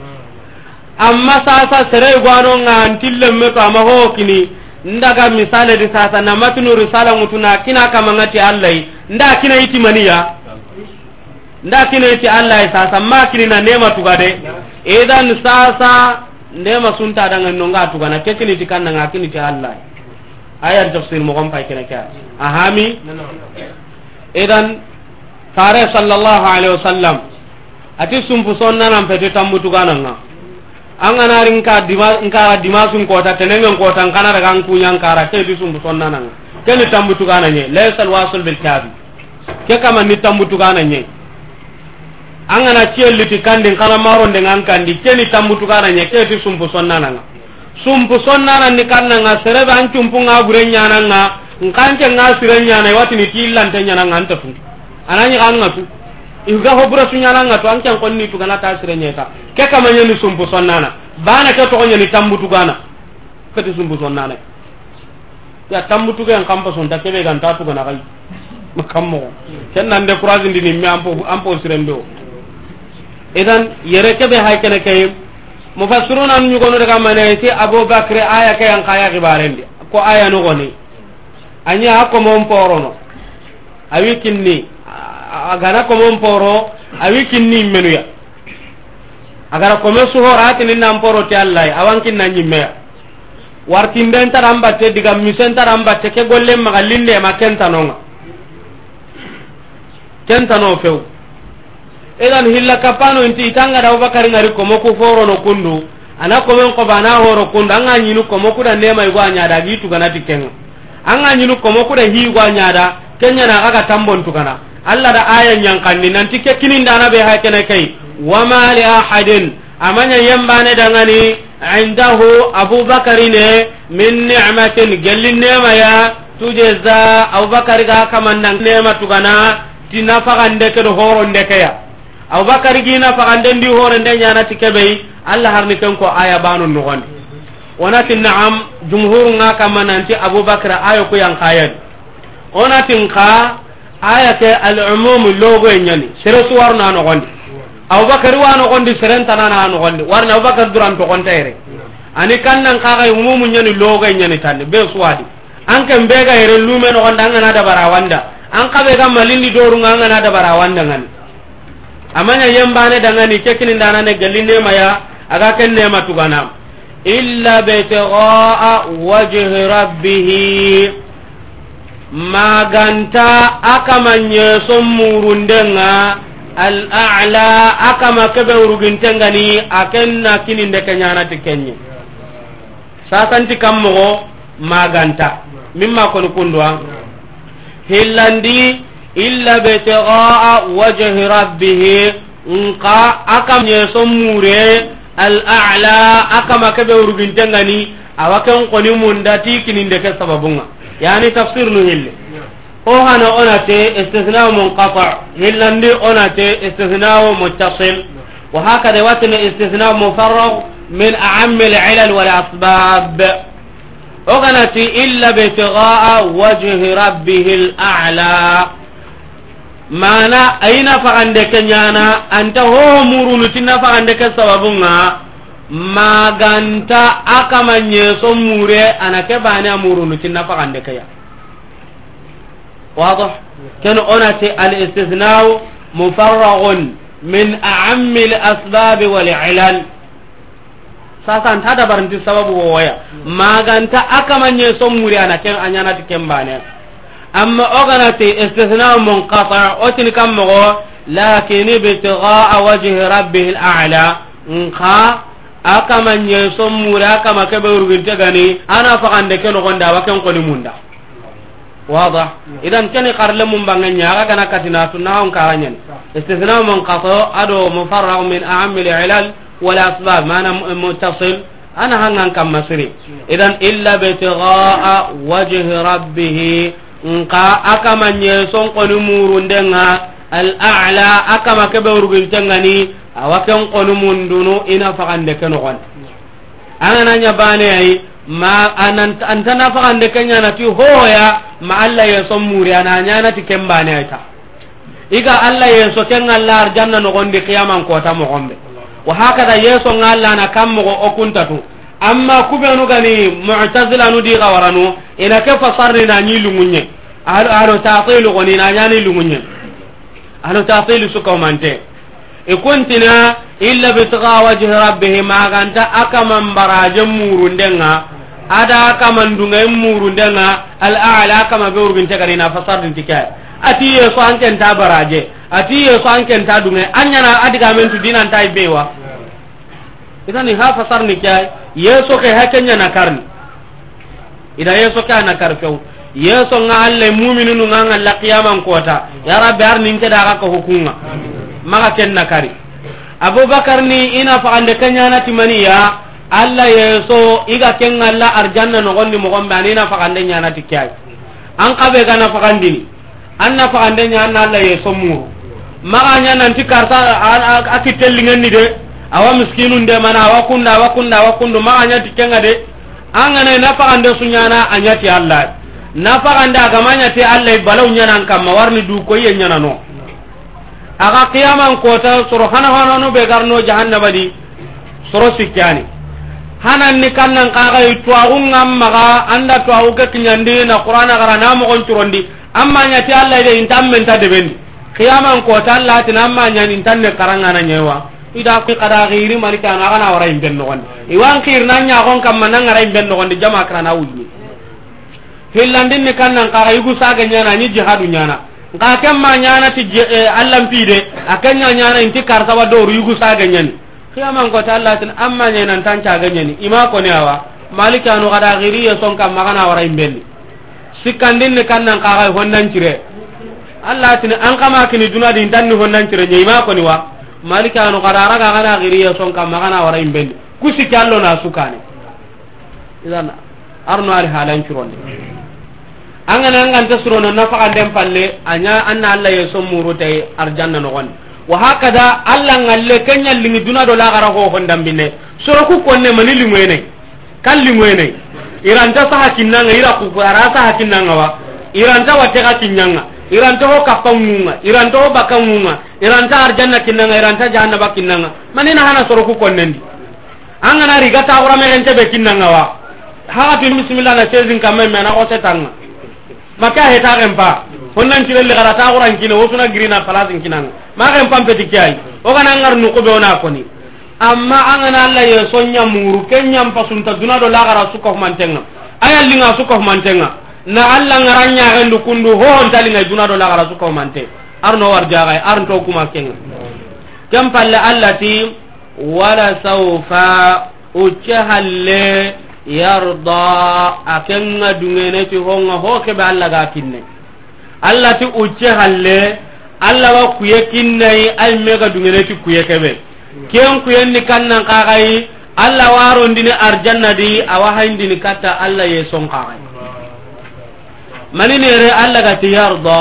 amma sasa sere gwano nga antille meto ama ho kini ndaga misale di sasa na matinu risala ngutuna kina kama ngati allai nda kina iti mania nda kina iti allai sasa ma kini na nema tugade edan sasa ndema sunta danga nonga tugana kekini tikanna nga kini ti allai aya tafsir mo kompa kina kya ahami no, no, no. idan tare sallallahu alaihi wasallam ati sumpu sonnanan peti tambutuganaga anganari nkara dimasu nkota tenenge nkota nkanaraga nkuya nkara ke ti sumpu sonnanaga ke ni tambutuganaye laisa lwasul bilkabi ke kama ni tambutuganaye angana cieliti kandi nkana marode ga nkandi ke ni tambutuganaye ke ti sumpu sonnanaga sumpu sonnananikannaga serebe ancumpu ga gurenyananga nkanke nga sire ñana watini tiillante ñana nganta tu anañi xa ngatu iga hoburasu ñana ngatu ankeng qon ni tuganata sire ñeta ke kamañeni sumpu sonnana bana ke toxoñeni tambutugana keti sumpu sonnana ya tambutuge en kampa sonta keɓe ganta tugana xay kam moxo kennan de courage ndini me anpo sire mbe o idan yere keɓe xay kene ke mofasiruna nu ñugonu rega mane ti abou bacre aya ke yang kaya xibarendi ko aya nu xoni aña a komon porono a wi kinni a gana komon poro a wi kinni menuya a gara kome suhora hakini nan poro ti allahy awan kinna ñimmeya wartinden taran batte diga misen taran batte ke gollen maga lindema kentanonga kentano few edan hilla kappano inti itanga da obakari ngari komo ku forono kundu ana komen koba ana horo kundu anga ñinu komo kudannema igo a ñadagi itugana ti kenga anga ñinu komo kude higo ñada kenyana kaga tambontukana allah da aya ñankandi nanti ke kinindana ɓe ha kene kay wama li ahadin amaña yembane dangani indahu aboubacarine min nicmatin gelli nemaya tujeza aboubacari ga kamanda nema tugana ti nafakande kedo horo ndekeya aboubacari gi nafakande ndi horo nde ñanati keɓey allah harni ken ko aya ɓano nugondi wonati naam jumhuru nga kama nanti aboubacr ayo ku yankayani wonati nka ayake alumumu logo e yeñani sere suwaru na nogondi aboubacr wa nogondi serentana na nogondi warni aboubacr durantogontayre ani kannankaxay umumu ñani logo e yeñani tanni be suwadi anken bega yere lume nogondi angana dabara wanda an kabe ga malindi dorunga angana dabara wanda ngani amanya yembane dangani kekini ndana ne gallinema ya aga ken nema tuganam illa betiraa wajhi rabbihi maganta akama yeso murundenga al ala akama keɓe uruguintengani akenna kininde keñanati kenñi sasanti kam mogo maganta mimma koni kunduwa hillandi illa betiraa wajhi rabbihi nka akam yeso mure al'ala akama kebe urugintengani awa ken koni munda ti kininde ke sababunga yani tafsir nu hille ko hana onate istithna munqata hillandi onate istithna muttasil wa hakada watna istithna mufarrag min a'am al-'ilal wal asbab oganati illa bi tigha'a wajhi rabbihil a'la mana aina fagande ke ñana anta ho murunu tinna fagande ke sababunga maganta aka kama ñeso mure ana bana bane a murunu tinna fagande kaya wado ken onati alistisnau mufarragun min aammi wal ilal sasa anta barin sababu waya hmm. maganta aka kama ñeso mure ana anyana a أما أغنتي استثناء منقطع أتنك أمغو لكن ابتغاء وجه ربه الأعلى انخا أكما نيسم مورا كما كبير بالجغني أنا فغندك نغندا وكن قولي مندا واضح إذا كان قرل من بغنيا أغنى كتنا سنهون كارنين استثناء منقطع أدو مفرغ من أعم العلل والأسباب ما أنا متصل أنا هنغن كم مصري إذا إلا ابتغاء وجه ربه nka akama nye sonkoni muru ndenga al a'la akama kebe urugin tengani awake nkoni mundunu ina fakande keno kon anana nya bane ay ma anan fakande kenya nati hoya ma alla ye son muri ananya nati kembane ay ta iga alla ye so kenga lar janna no gonde qiyamam ko ta mo gombe wa hakada ye so ngalla na kam mo okuntatu amma kuɓenu gani mutasilanu di kawaranu ina ke fasarni nañi lugunye ano tatilu koni nañani lugunye ano tatilu sukaumante ikuntina illa bitiga wajhi rabbihi maganta akaman baraje murundenga ada akaman dungai murundenga al a'la akama be urginte gani na fasarni tikai ati yeso ankenta baraje ati yeso ankenta dungai anyana adiga mentu dinanta ibewa idan ha fasarni kai yeso ke hakenya na karni ida yeso ke na karfeu yeso nga alle mu'minu nu nga la qiyamam kota ya rabbi ar nin ke daga ko hukunga maka ken na kari abubakar ni ina fa ande kenya na timaniya alla yeso iga ken alla arjanna no gonni mo gombe ina fa ande nya na tikai an kabe ga na fa andini anna fa ande nya na alla yeso mu maka nya nan tikarta akitelli ngani de awa miskinun de mana awa kunda awa kunda awa kundu a nyaati tikenga de angana na pagande sunyana anya ti Allah na pagande agamanya ti Allah balaw nyana kamma warni du ko yen nyana no aga qiyaman kota soro hana hana no be garno jahannama di soro sikkani hanan ni kannan kaga itwaru ngamma ga anda twaru ke kinyandi na qur'ana gara na mo gon turondi amma nya ti Allah de intammen ta de bendi qiyaman kota Allah tin amma nya ni tanne karanga na nyewa ida kikada xiri manikano axana wara im ben noxondi iwan xirna ñaxon kamma nangara im ben noxondi jama kirana wujmi xillandin ni kan nan xaxa yugu saga ñana ñi jihadu ñana nxa ken ma ñana ti eh, allanpide a kenña ñana inti karsaba doru yugu saga ñani xiyamankoti alla tin anma ñenantan caga ñani ima kone awa malikano xada xiri yeson kamma xana wara im benni sikkandin ni kan nan xaxa honnancire allah tini an xama kini dunadi intan ni honnancire ñeima koni wa malika no kada raga kada giri ya son kam magana wara imbendi kusi kallo na sukane idan arno ari halan kironde angan angan tasro na nafa dem palle anya anna alla ya son murute arjanna no gon wa hakada alla ngalle kenya limi duna do la gara ko hondam binne soro ku konne mani limwene kan limwene iran ta sa hakinna ngira ku ara sa hakinna ngawa iran ta wa te hakinna ngawa irantoo kappanŋuŋa irantoo bakkanŋuŋa iranta arjanna kinnaŋa iranta jahannaba kinnaŋa manina hana soroku konnendi angana riga taguramexentebe kinnaŋa wa hakatin bisimillah na chasin kammaime ana xosetanŋa make a heta xen pa honnancirelli xara taxurankine wosuna girina place nkinanŋa ma xen pan peti ke ay ogana ngar nukuɓe ona koni amma angana alla yeso ñammuru ke ñampa sunta duna do la xara sukkofumantenŋa a yallinga sukkofumantenŋa na allah ngara ñaxendu kundu hoontalinga juna do laxara sukaumante arno warjaxay arnto kuma kenga kem palle allah ti wala saufa ucce halle yarda a kenga dungeneti honga ho keɓe allah ga kinne allah ti ucce halle allah wa kuye kinnayi aimmega dungeneti kuye keɓe ken kuyenni kannan kaxayi allah warondini arjanna di awa haindini katta allah yeson kaxay mani nere allah gati yarda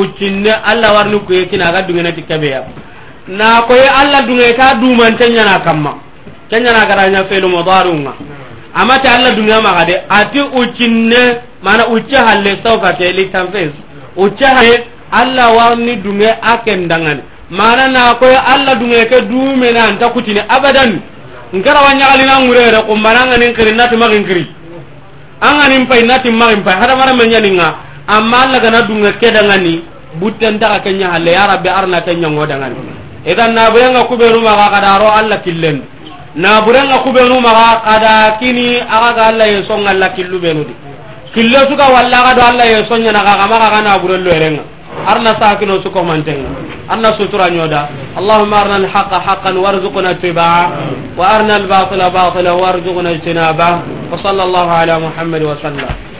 uccinne allah warni kuye kinaga dungene ti keɓeya na koye allah dunge ka duman teñana kamma teñana garaña felu modarunga amate allah dunge maga de ati uccinne mana ucce halle sawkate litanfes ucce hale allah warni dunge a kendangani mana na koye allah dunge ke dumene anta kutine abadan nkerawa ñagalina ngurere kumbanangani nkiri natumaginkiri angani pay nati marim pay hada mara men yani nga amma Allah gana dunga keda ngani butten ta ka nya halle ya rabbi arna ta nya ngoda ngani idan na bu yanga kube ruma ka kada ro Allah killen na bu yanga kube ruma ka kada kini aga ga Allah ye songa Allah killu benu di killo suka walla ga do Allah ye songa na ga ma ga na bu ren lo erenga arna sa kino suko manten أرنا سترى نيودا اللهم أرنا الحق حقا وارزقنا اتباعه وأرنا الباطل باطلا وارزقنا اجتنابه وصلى الله على محمد وسلم